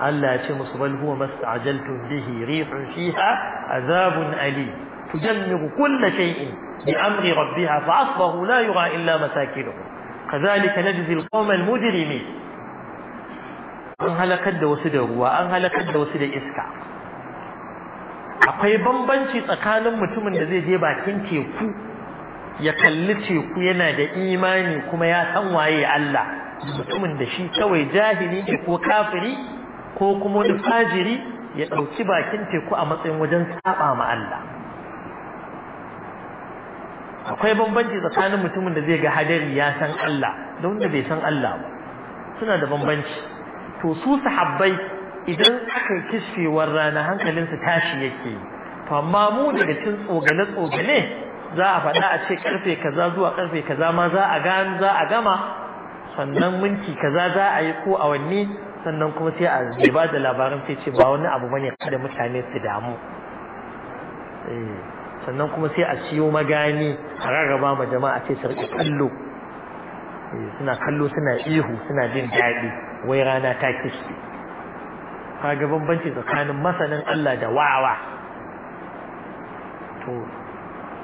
Allah ya ce musu balhuwa masu ajaltun bihi rifin shiha, azabun ali tujammiru kull shay'in bi amri rabbiha fa asbahu la yura illa masakinuhum kadhalika najzi alqawma almujrimin an halakar da wasu da ruwa an halakar da wasu da iska akwai bambanci tsakanin mutumin da zai je bakin teku ya kalli teku yana da imani kuma ya san waye Allah mutumin da shi kawai jahili ne ko kafiri ko kuma wani fajiri ya ɗauki bakin teku a matsayin wajen saba ma Allah akwai bambanci tsakanin mutumin da zai ga hadari ya san Allah da wanda bai san Allah ba suna da bambanci to su sahabbai idan aka yi kishfewar rana hankalinsu tashi yake to amma mu daga cin tsogale-tsogale za a faɗa a ce ƙarfe kaza zuwa ƙarfe kaza ma za a ga za a gama sannan minti kaza za a yi ko awanni sannan kuma sai a ba da labarin sai ce ba wani abu bane kada mutane su damu eh, sannan kuma sai a siyo magani a rarraba ma jama'a sai su rike kallo eh, suna kallo suna ihu suna jin daɗi wai rana ta kishi kaga bambanci tsakanin masanin Allah da wawa to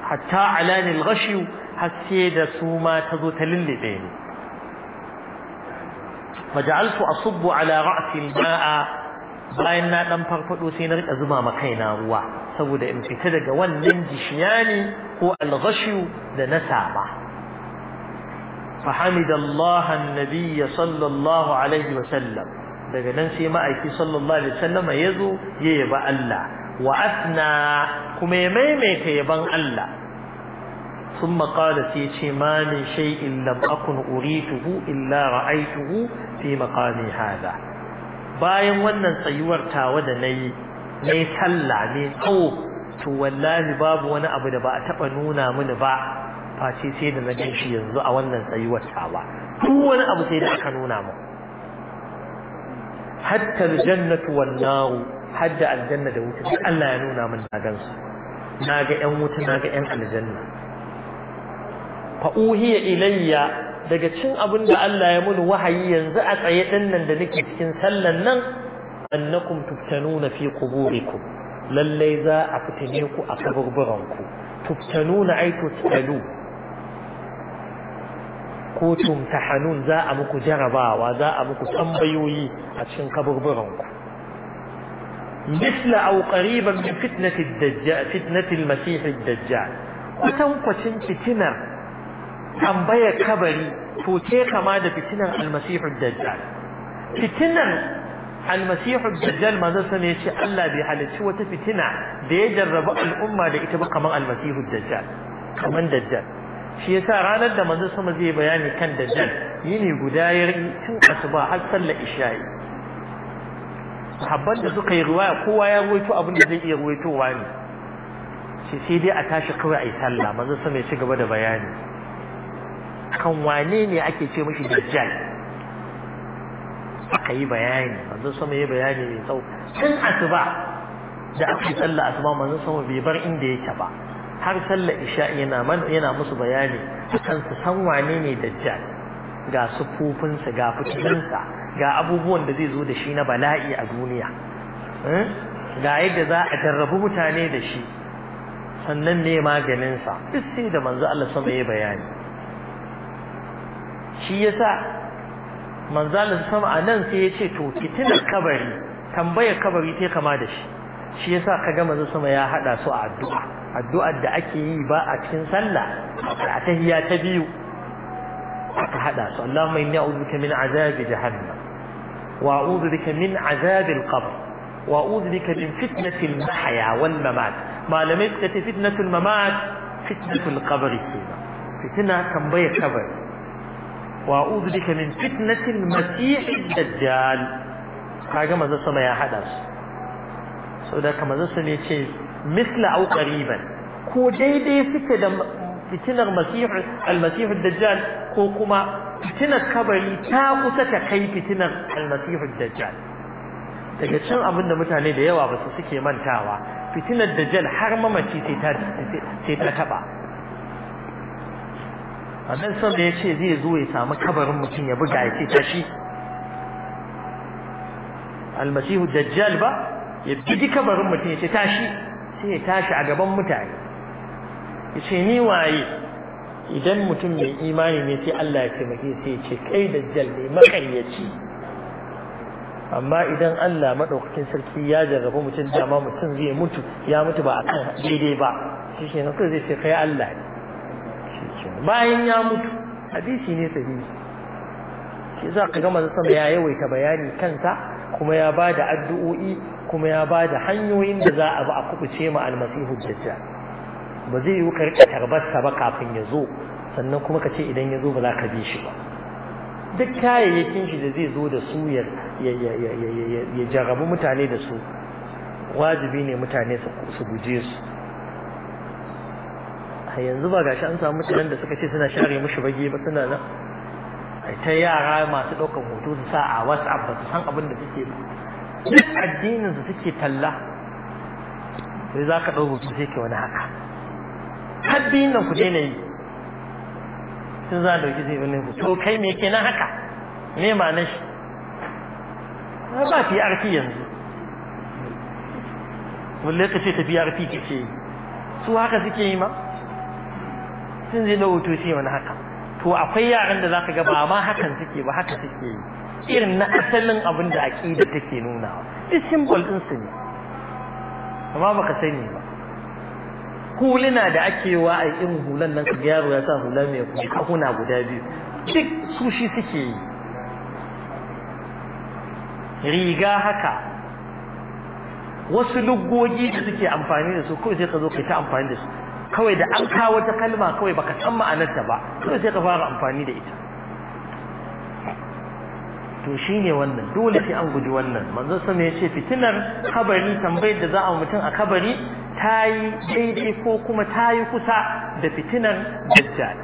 hatta alanil gashiyu haske da su ma ta zo ta lullube ni faja'altu asubbu ala ra'si al-ma'a bayan na dan farfado sai na rika zuba ma kaina ruwa saboda in fita daga wannan jishiyani ko al-ghashiyu da na saba فحمد الله النبي صلى الله عليه daga nan sai ma'aiki sallallahu alaihi wasallam ya zo ya ba Allah wa asna kuma ya maimaita yaban Allah ثم قال سيتي ما من شيء لم أكن أريته إلا رأيته في مقامي هذا bayan wannan tsayuwar tawa da nayi nayi sallah ne tsawo to wallahi babu wani abu da ba a taba nuna mini ba face sai da na gan shi yanzu a wannan tsayuwar tawa duk wani abu sai da aka nuna mu hatta aljannatu wan nar hadda aljanna da wuta Allah ya nuna min na gan su na ga ƴan wuta na ga ƴan aljanna fa uhiya ilayya daga cin abin da Allah ya mun wahayi yanzu a tsaye din nan da nake cikin sallan nan annakum tuftanuna fi quburikum lallai za a fitine ku a kaburburanku tuftanuna ay tusalu ko tumtahanun za a muku jarabawa za a muku tambayoyi a cikin kaburburanku مثل أو قريبا من فتنة الدجال فتنة المسيح الدجال وتنقش فتنة tambayar kabari to ce kama da fitinan almasihu dajjal fitinan almasihu dajjal manzo sane ce Allah bai halicci wata fitina da ya jarraba al'umma da ita ba kamar almasihu dajjal kamar dajjal shi yasa ranar da manzo sama zai bayani kan dajjal yini guda ya tun asuba har sallar isha'i sahabban da suka yi ruwaya kowa ya ruwaito abin da zai iya ruwaitowa ne sai dai a tashi kawai a yi sallah manzo sama ya ci gaba da bayani kan wane ne ake ce mashi dajjal aka yi bayani manzon sama yi bayani mai tsawo tun asuba da ake yi sallah asuba manzon sama bai bar inda yake ba har sallar isha yana yana musu bayani kan su san wane ne dajjal ga sufufinsa ga fitilinsa ga abubuwan da zai zo da shi na bala'i a duniya eh? ga yadda za a jarrabu mutane da shi sannan ne maganinsa duk sai da manzo Allah sama ya bayani shi yasa manzalin sama a nan sai ya ce to fitinar kabari tambayar kabari sai kama da shi shi yasa ka gama manzo sama ya hada su a addu'a addu'ar da ake yi ba a cikin sallah da tahiyya ta biyu aka hada su Allahumma inni a'udhuka min azabi jahannam wa a'udhu min azabi al-qabr wa a'udhu min fitnati al-mahya wal mamat malamai suka ce fitnatu al-mamat fitnatu al-qabr kenan fitina tambayar kabari وأعوذ بك من فتنة المسيح الدجال kaga manzon sama ya hada su saboda haka manzon sama ya ce misla au qariban ko daidai suke da fitinar masihu al-masihu ko kuma fitinar kabari ta kusa ta kai fitinar al-masihu daga cin abinda mutane da yawa ba su suke mantawa fitinar dajjal har mamaci sai ta sai ta taba annan sallah ya ce zai zo ya samu kabarin mutum ya buga ya ce tashi almasihu dajjal ba ya bigi kabarin mutum ya ce tashi sai ya tashi a gaban mutane ya ni waye idan mutum mai imani ne sai Allah ya taimake sai ya kai dajjal ne makaryaci amma idan Allah maɗaukacin sarki ya jarraba mutum dama mutum zai mutu ya mutu ba a akan daidai ba shi ne zai ce kai Allah ne bayan ya mutu hadisi ne sahihi shi za ka gama sama ya yawaita bayani kansa kuma ya ba da addu'o'i kuma ya ba da hanyoyin da za a ba a kubuce ma almasihu dajjal ba zai yi karka tarbarsa ba kafin ya zo sannan kuma ka ce idan ya zo ba za ka bi shi ba duk kayayyakin shi da zai zo da su ya jarabu mutane da su wajibi ne mutane su guje su yanzu ba gashi an samu mutanen da suka ce suna share mushi bage ba suna nan ta yara masu ɗaukar hoto su sa a whatsapp ba su san abin da suke ba duk addinin su suke talla sai za ka ɗau hoto sai ke wani haka har biyun nan ku na yi sun za a ɗauki zai wani hoto kai me ke nan haka me ma na shi ba PRP yanzu wanda ka ce ta PRP ke ce su haka suke yi ma sun zai na hoto sai wani haka to akwai yaran da zaka ga ba ma hakan suke ba haka suke yi irin na asalin abin da aqida take nunawa duk symbol din su ne amma baka sani ba huluna da ake wa a irin hulan nan kaga yaro ya sa hula mai kuma kahuna guda biyu duk su shi suke yi riga haka wasu luggogi da suke amfani da su kawai sai ka zo ka ta amfani da su kawai da an kawo wata kalma kawai baka san ta ba to sai ka fara amfani da ita to shine wannan dole sai an guji wannan manzo ya ce fitinar kabari tambayar da za a mutum a kabari tayi daidai ko kuma tayi kusa da fitinar dajjal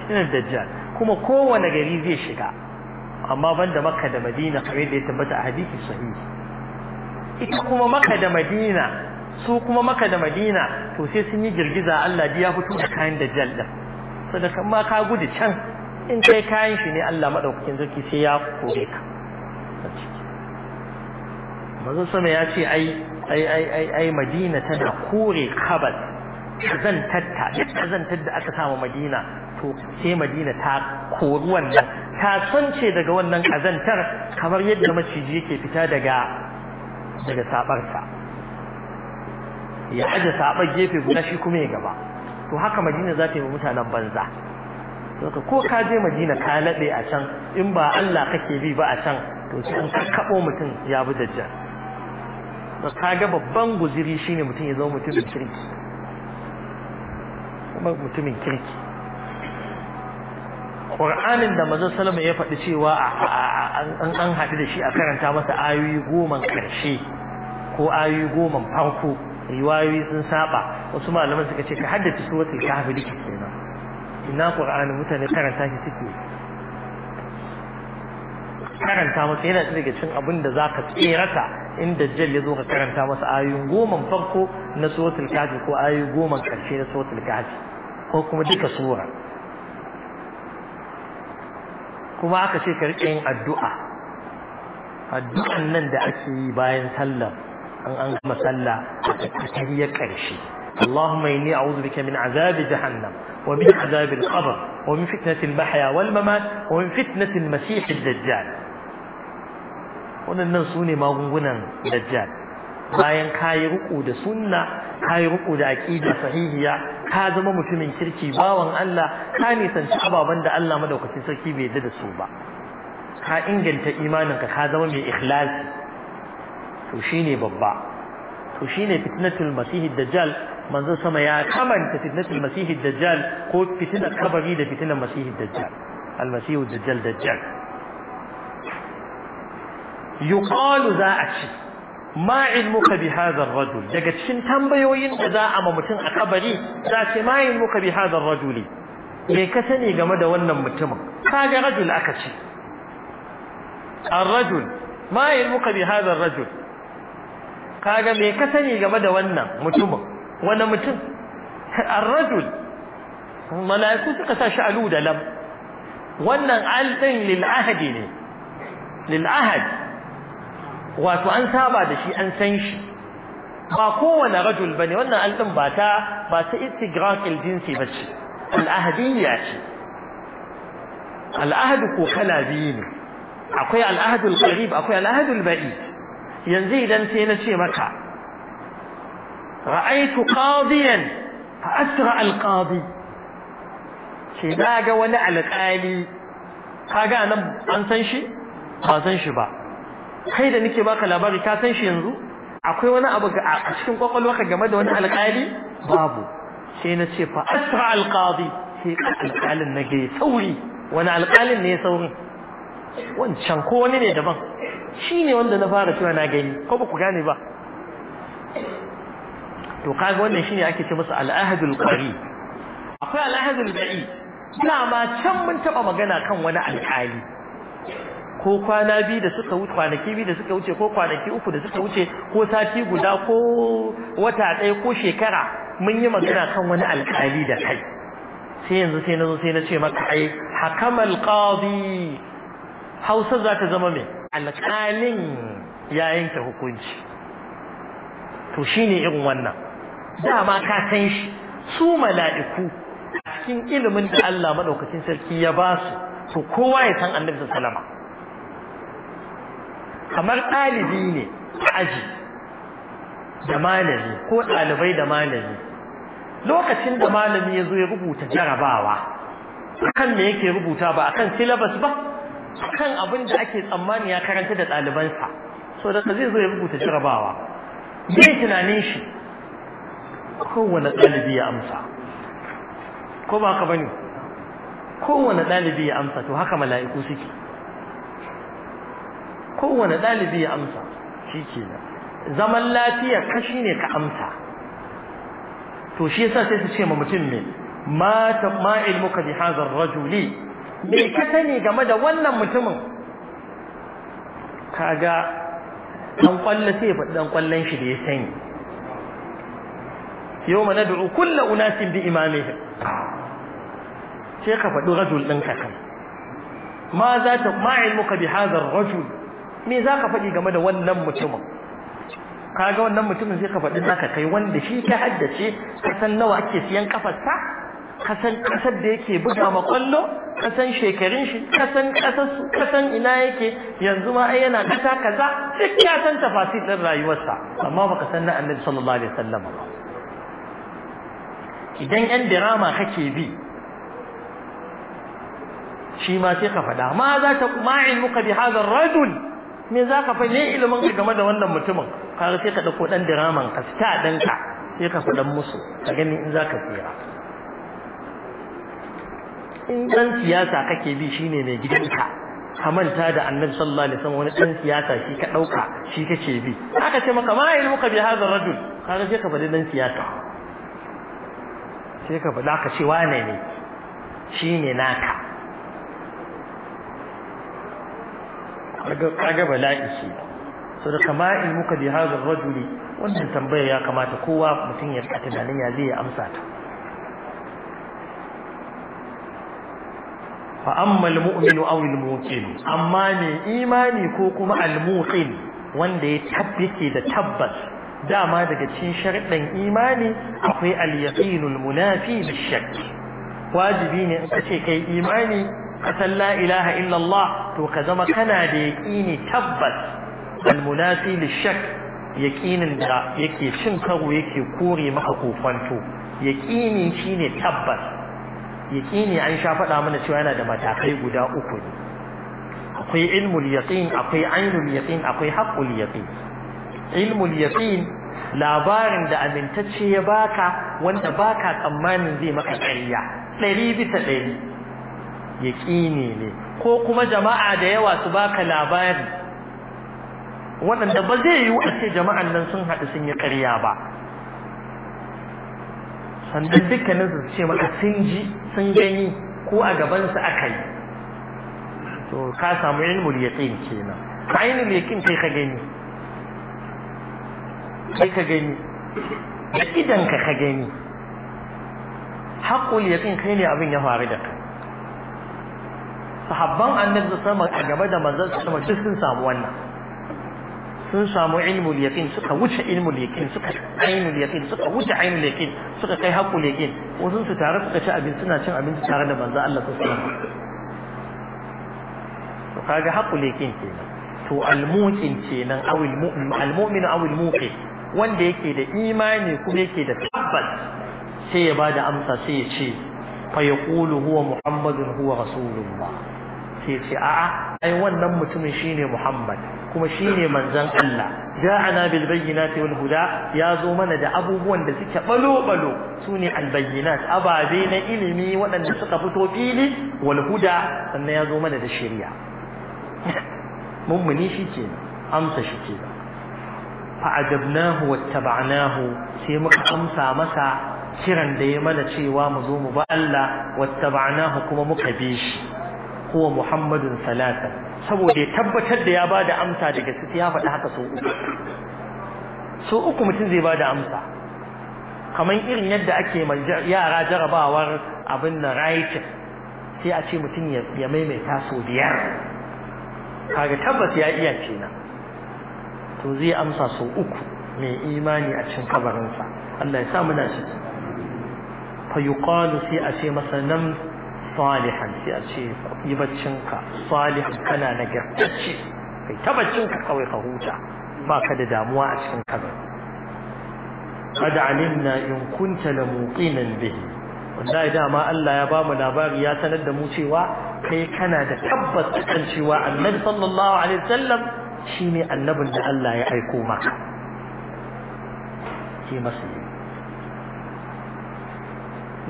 fitinar dajjal kuma kowane gari zai shiga amma banda makka da madina kamar da ya tabbata a hadisi sahihi ita kuma makka da madina su kuma maka da madina to sai sun yi girgiza Allah ya fito da kayan da jalda sadaka ma ka gudu can in kai kayan shi ne Allah madaukakin zaki sai ya kore ka sama ya ce ai ai ai ai ai madina tana kore kabal zan tatta zan tadda aka samu madina to sai madina ta kori wannan ta sance daga wannan kazantar kamar yadda maciji yake fita daga daga sabarsa ya aje saɓar gefe guda shi kuma ya gaba to haka madina za ta yi mutanen banza saka ko ka je madina ka nade a can in ba Allah kake bi ba a can to sai an kakkabo mutum ya bi dajjal da kaga babban guziri shine mutum ya zama mutumin kirki kuma mutumin kirki Qur'anin da manzon salama ya faɗi cewa an an haɗu da shi a karanta masa ayoyi goma ƙarshe ko ayoyi goma farko riwayoyi sun saba wasu malaman suka ce ka haddace hafi kahfi dake ba ina qur'ani mutane karanta shi suke karanta masa yana daga cikin abin da zaka tserata in dajjal ya zo ka karanta masa ayoyin goman farko na suratul kahfi ko ayoyi goman karshe na suratul kahfi ko kuma duka sura kuma aka ce ka rike yin addu'a addu'an nan da ake yi bayan sallah an an gama sallah a tariyar ƙarshe اللهم إني أعوذ بك من عذاب جهنم ومن عذاب القبر ومن فتنة المحيا والممات ومن فتنة المسيح الدجال wannan su ne magungunan dajjal bayan ka yi ruku da sunna ka yi ruku da aƙida, sahihiya ka zama mutumin kirki bawan Allah ka nisanci ababen da Allah madaukakin sarki bai yarda da su ba ka inganta imaninka ka zama mai ikhlasi to shine babba to shine fitnatul masih dajjal manzo sama ya kamanta fitnatul masih dajjal ko fitnar kabari da fitnar masih dajjal al masih dajjal dajjal yuqalu za a ci ma ilmuka bi hadha ar-rajul daga cikin tambayoyin da za a ma mutum a kabari za ce ma ilmuka bi hadha ar-rajuli me ka sani game da wannan mutumin kaga rajul aka ce ar-rajul ma ilmuka bi rajul kaga me ka sani game da wannan mutumin wani mutum ar-rajul mala'iku suka sa shi alu da lam wannan al din lil ahadi ne lil ahad wato an saba da shi an san shi ba kowane rajul bane wannan al ba ta ba ta istigraq al jinsi bace al ahadiyya ce al ahad ko kala biyu ne akwai al ahad al qarib akwai al ahad al ba'id yanzu idan sai na ce maka ra'aitu qadiyan fa asra al-qadi ce ga wani alƙali kaga nan an san shi ba san shi ba kai da nake baka labari ka san shi yanzu akwai wani abu a cikin kwakwalwarka game da wani alƙali babu sai na ce fa asra al sai alƙalin na ga sauri wani alƙalin ne saurin wancan ko wani ne daban Shi ne wanda na fara cewa na gani ko ba ku gane ba to kaga wannan shine ake ce masa al-ahdul akwai al-ahdul ba'id ina ma can mun taba magana kan wani alƙali ko kwana biyu da suka wuce kwanaki biyu da suka wuce ko kwanaki uku da suka wuce ko sati guda ko wata ɗaya ko shekara mun yi magana kan wani alƙali da kai sai yanzu sai na zo sai na ce maka ai hakamal qadi hausa za ta zama mai alƙalin ya yanke hukunci to shi ne irin wannan dama ka san shi su mala'iku a cikin ilimin da Allah maɗaukacin sarki ya ba su to kowa ya san annabta salama. kamar ɗalibi ne a aji da malami ko ɗalibai da malami lokacin da malami ya zo ya rubuta jarabawa akan me yake rubuta ba akan silabas ba kan abin da ake tsammani ya karanta da ɗalibansa so da zai zo ya rubuta jarabawa zai tunanin shi kowane ɗalibi ya amsa ko ba ka bane kowane ɗalibi ya amsa to haka mala'iku suke kowane ɗalibi ya amsa shi ke zaman lafiya kashi ne ka amsa to shi yasa sai su ce ma mutum ne ma ilmuka bi hadha ar-rajuli me ka sani game da wannan mutumin kaga dan kwallo sai faɗi dan kwallon shi da ya sani yau mana da kullu unasi bi imamihi sai ka faɗi rajul ɗin ka kan ma za ta ma ilmuka bi hadar rajul me za ka faɗi game da wannan mutumin kaga wannan mutumin sai ka faɗi naka kai wanda shi ka haddace ka san nawa ake siyan kafarsa ka san kasar da yake buga ma kwallo kasan shekarun shi kasan kasarsu kasan ina yake yanzu ma ai yana kasa kaza duk ya san tafasir din rayuwarsa amma baka san na annabi sallallahu alaihi wasallam ba idan yan dirama kake bi shi ma sai ka faɗa ma za ta ma ilmuka bi hadha rajul me za ka faɗi ilimin ka game da wannan mutumin kaga sai ka dauko dan diraman ka a danka sai ka faɗan musu ka gani in za ka tsira in dan siyasa kake bi shine mai gidanka ka manta da annabi sallallahu alaihi wasallam wani dan siyasa shi ka dauka shi kake bi aka ce maka ma ilmu muka bi hadha rajul kaga sai ka fadi dan siyasa sai ka fada ka ce wane ne shine naka kaga bala'i shi so da kama ilmu muka bi hadha rajuli wannan tambaya ya kamata kowa mutum ya tunanin ya zai amsa ta fa amma almu'minu aw amma ne imani ko kuma almuqin wanda ya tabbike da tabbas dama daga cikin sharɗin imani akwai al-yaqinul munafi bishak wajibi ne in ka ce kai imani ka san la ilaha illallah to ka zama kana da yaqini tabbas al-munafi lishak yaƙinin da yake cin karo yake kore maka kofanto yaƙini shine tabbas yaqini an sha faɗa mana cewa yana da matakai guda uku ne akwai ilmul yaqin akwai ainul yaqin akwai haqqul yaqin ilmul yaqin labarin da amintacce ya baka wanda baka tsammanin zai maka ƙarya ɗari bisa ɗari yaqini ne ko kuma jama'a da yawa su baka labari da ba zai yiwu a ce jama'an nan sun haɗu sun yi ƙarya ba Sandan dukkanin su ce maka sun ji sun gani ko a gabansu aka yi to ka samu ilmul yaqin kenan ainul yaqin kai ka gani kai ka gani da idan ka ka gani haqqul yaqin kai ne abin ya faru da kai sahabban annabi sama a gaba da manzon sama duk sun samu wannan sun samu ilmul yaqin suka wuce ilmul yaqin suka ainul yaqin suka wuce ainul yaqin suka kai haqqul yaqin wasun su tare suka ci abinci suna cin abinci tare da manzo Allah sallallahu alaihi wasallam to kaga haqqul yaqin kenan to almuqin kenan aw almu'min almu'min aw almuqin wanda yake da imani kuma yake da tabbas sai ya bada amsa sai ya ce fa yaqulu huwa muhammadun huwa rasulullah sai ya ce a'a ai wannan mutumin shine Muhammad kuma shine manzon Allah ja'ana bil bayyinati wal huda ya zo mana da abubuwan da suke balo balo sune al bayyinat ababe na ilimi waɗanda suka fito fili wal huda sannan ya zo mana da shari'a [laughs] mummuni shi amsa shi ke fa'adabnahu wattaba'nahu sai muka amsa masa kiran da ya mana cewa mu zo mu ba Allah wattaba'nahu kuma muka bi shi Kuwa muhammadun salata saboda ya tabbatar da ya ba da amsa daga gaske ya faɗi haka sau uku Sau uku mutum zai ba da amsa kamar irin yadda ake yara jarabawar abin na writing sai a ce mutum ya maimaita sau biyar kaga tabbas ya iya na, to zai amsa sau uku mai imani a cin kabarinsa Allah ya sa muna shi fa yuqalu sai a ce masa nan salihan sai a ce yi baccinka salihan kana nagartacce kai ta baccinka kawai ka huta ba ka da damuwa a cikin kaza قد علمنا إن كنت لموقنا به wallahi dama Allah ya bamu labari ya sanar da mu cewa kai kana da tabbas kan cewa Annabi sallallahu alaihi wasallam shine annabin da Allah ya aiko maka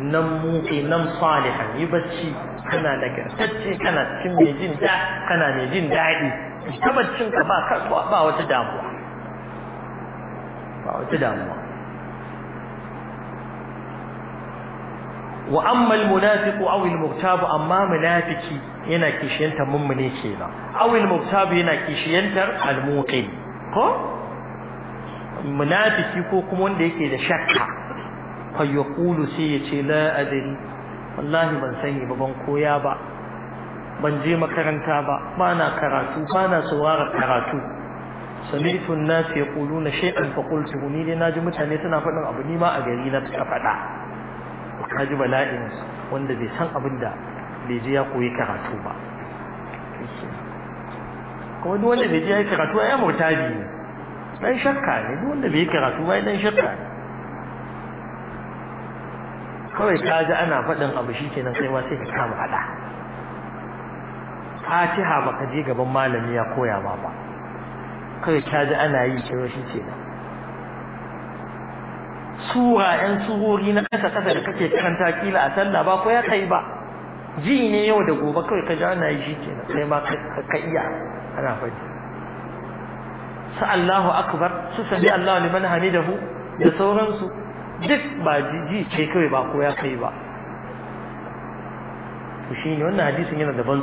nan muƙi nan salihan yi bacci kana nagartacce kana cin mai jin da kana mai jin daɗi ta baccin ka ba ba wata damuwa ba wata damuwa wa amma almunafiqu aw almughtabu amma munafiki yana kishiyantar mummune kenan aw almughtabu yana kishiyantar almuqin ko munafiki ko kuma wanda yake da shakka fayyakulu sai ya ce la'adin wallahi ban sani ba ban koya ba ban je makaranta ba bana karatu bana saurara karatu sami'tu na nas yaquluna na fa qultu ni dai ji mutane suna faɗin abu ni ma a gari na ta faɗa ji bala'in wanda bai san abin da bai ji ya koyi karatu ba kuma duk wanda bai ji ya yi karatu ya murtabi ne dan shakka ne duk wanda bai karatu ba dan shakka ne kawai ta ji ana faɗin abu shi kenan kai ma sai ka kama faɗa fatiha ba ka je gaban malami ya koya ma ba kawai ta ji ana yi kiro shi kenan Tsura yan surori na kasa kasa da kake karanta kila a sallah ba ko ya kai ba ji ne yau da gobe kawai ka ji ana yi shi kenan sai ma ka iya ana faɗi sa Allahu akbar su sami Allahu liman hamidahu da sauransu duk ba jiji ce kawai ba ko ya kai ba to shi ne wannan hadisin yana da ban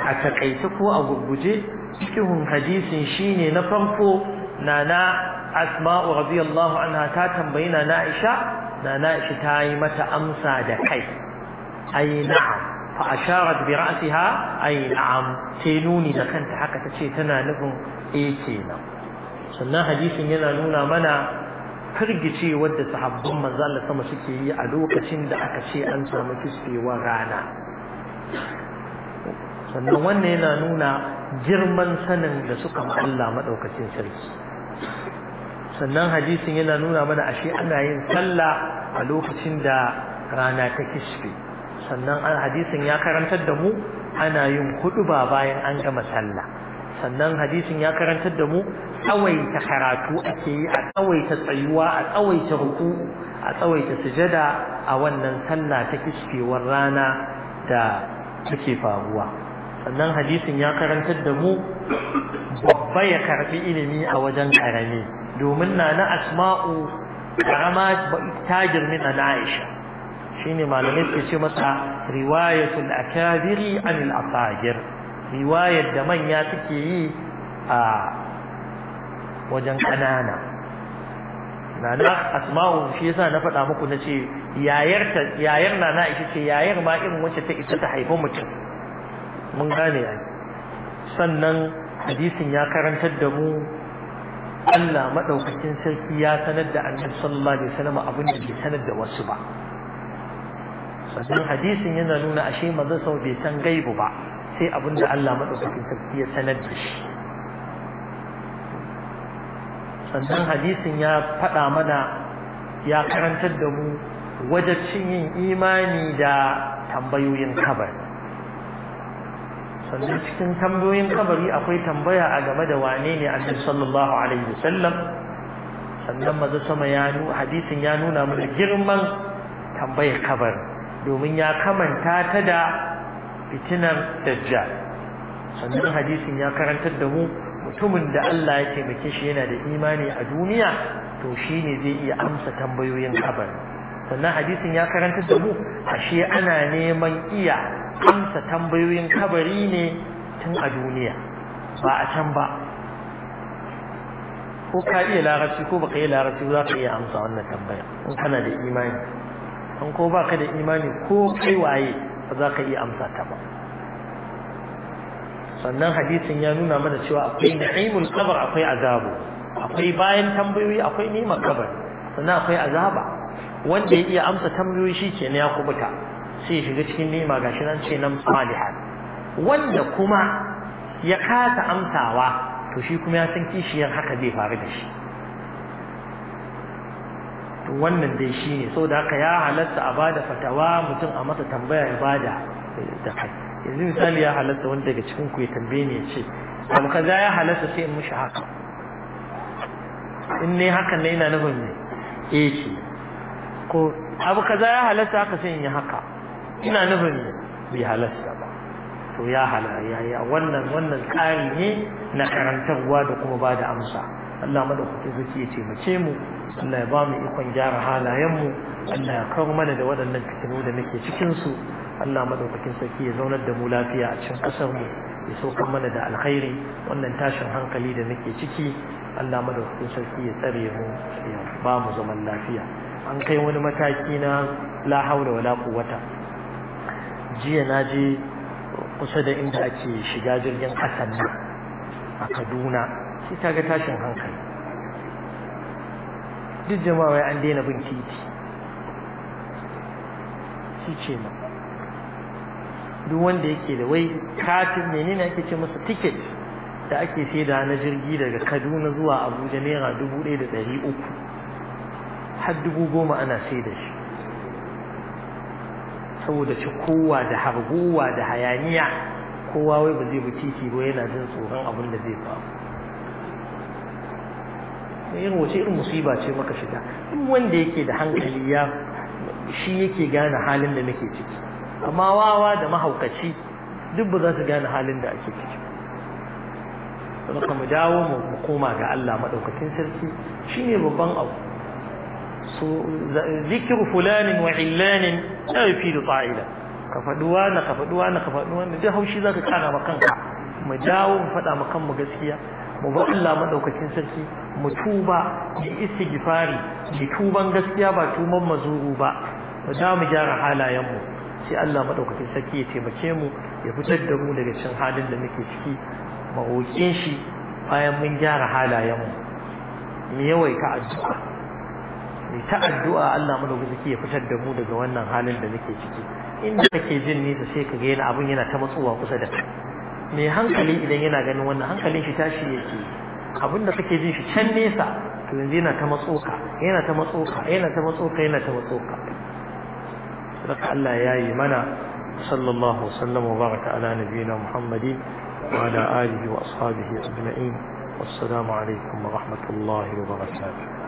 a takaice ko a gurguje cikin hadisin shine na farko nana asma'u radiyallahu anha ta tambayi nana aisha nana aisha ta yi mata amsa da kai ai na'am fa asharat bi ra'siha ai na'am sai nuni da kanta haka tace tana nufin eh kenan sannan hadisin yana nuna mana firgice wadda sahabban manzo Allah sama suke yi a lokacin da aka ce an samu kiskewar rana sannan wannan yana nuna girman sanin da suka ma Allah madaukakin sarki sannan hadisin yana nuna mana ashe ana yin sallah a lokacin da rana ta kishfe sannan an hadisin ya karantar da mu ana yin hudu ba bayan an gama sallah sannan hadisin ya karantar da mu tsawaita karatu ake yi a tsawaita tsayuwa a tsawaita ruku a tsawaita sujada a wannan sallah ta kishfewar rana da take faruwa sannan hadisin ya karantar da mu babba ya karbi ilimi a wajen karami domin na na asma'u karama ta girmi na Aisha shine malamai suke ce masa riwayatul akabiri anil asagir riwayar da manya suke yi a wajen kanana na na asma'u shi yasa na faɗa muku na ce yayar ta yayar na na ita ce yayar ma irin wacce ta isa ta haifi mutum mun gane ai sannan hadisin ya karantar da mu Allah madaukakin sarki ya sanar da annabi sallallahu alaihi wasallam abin da bai sanar da wasu ba sannan hadisin yana nuna ashe mazasau sau bai san gaibu ba sai abin da Allah madaukakin sarki ya sanar da shi sannan hadisin ya faɗa mana ya karantar da mu cin yin imani da tambayoyin kabari sannan cikin tambayoyin kabari akwai tambaya a game da wane ne annabi sallallahu alaihi wasallam sannan maza sama ya hadisin ya nuna mana girman tambayar kabar. domin ya kamanta ta da fitinar dajjal sannan hadisin ya karantar da mu mutumin da Allah ya taimake shi yana da imani a duniya to shi ne zai iya amsa tambayoyin kabari sannan hadisin ya karanta da mu ashe ana neman iya amsa tambayoyin kabari ne tun a duniya ba a can ba ko ka iya larabci ko baka iya larabci za ka iya amsa wannan tambaya in kana da imani an ko baka da imani ko kai waye ba za ka iya amsa ta ba sannan hadisin ya nuna mana cewa akwai na'imul kabar akwai azabu akwai bayan tambayoyi akwai ni'imar kabar sannan akwai azaba wanda ya iya amsa tambayoyi shikenan ya kubuta sai ya shiga cikin ni'ima gashi nan ce nan salihan wanda kuma ya kasa amsawa to shi kuma ya san kishiyar haka zai faru da shi to wannan dai shi ne saboda haka ya halatta a bada fatawa mutum a masa tambaya ibada da kai yanzu misali ya halatta wani daga cikin ku ya tambaye ni ya ce abu kaza ya halatta sai in mushi haka in ne hakan ne yana nufin ne eh ce ko abu kaza ya halatta haka sai in yi haka ina nufin ne bai halatta ba to ya hala ya ya wannan wannan tsari ne na karantarwa da kuma ba da amsa Allah madaukakin zuci ya taimake mu Allah ya ba mu ikon gyara halayenmu Allah ya kawo mana da waɗannan fitinu da muke cikin su Allah madaukakin sarki ya zaunar da mu lafiya a cikin kasar mu ya saukar mana da alkhairi wannan tashin hankali da nake ciki Allah madaukakin sarki ya tsare mu ya ba mu zaman lafiya an kai wani mataki na la haula wala quwwata jiya na je kusa da inda ake shiga jirgin kasar nan a Kaduna sai ta ga tashin hankali duk jama'a an daina bin titi shi ce ma duk wanda yake da wai katin menene ake ce masa tiket da ake saida na jirgi daga Kaduna zuwa Abuja naira dubu ɗaya da ɗari uku har dubu goma ana saida shi saboda cikowa da harguwa da hayaniya kowa wai ba zai bi titi ba yana jin tsoron abin da zai faru irin wace irin musiba ce maka shiga duk wanda yake da hankali ya shi yake gane halin da nake ciki amma wawa da mahaukaci duk ba za su gane halin da ake ciki saboda mu dawo mu koma ga Allah madaukakin sarki shi ne babban abu so zikru fulanin wa illanin la yufidu ta'ila ka faduwa na ka faduwa na ka faduwa na duk haushi ka kara ma kanka mu dawo mu faɗa ma kanmu gaskiya mu ba Allah madaukakin sarki mu tuba mu istighfari mu tuban gaskiya ba tuban mazuru ba mu dawo mu gyara halayen mu sai Allah madaukakin sarki ya taimake mu ya fitar da mu daga cikin halin da muke ciki maroƙin shi bayan mun gyara halayen mu mu ka addu'a mai ta addu'a Allah madaukakin sarki ya fitar da mu daga wannan halin da muke ciki inda kake jin nisa sai ka ga yana abun yana ta matsuwa kusa da kai mai hankali idan yana ganin wannan hankalin shi tashi yake abin da kake jin shi can nesa to yanzu yana ta matsoka yana ta matsoka yana ta matsoka yana ta matsoka لك حلا يا يمنى صلى الله وسلم وبارك على نبينا محمد وعلى آله وأصحابه أجمعين والسلام عليكم ورحمة الله وبركاته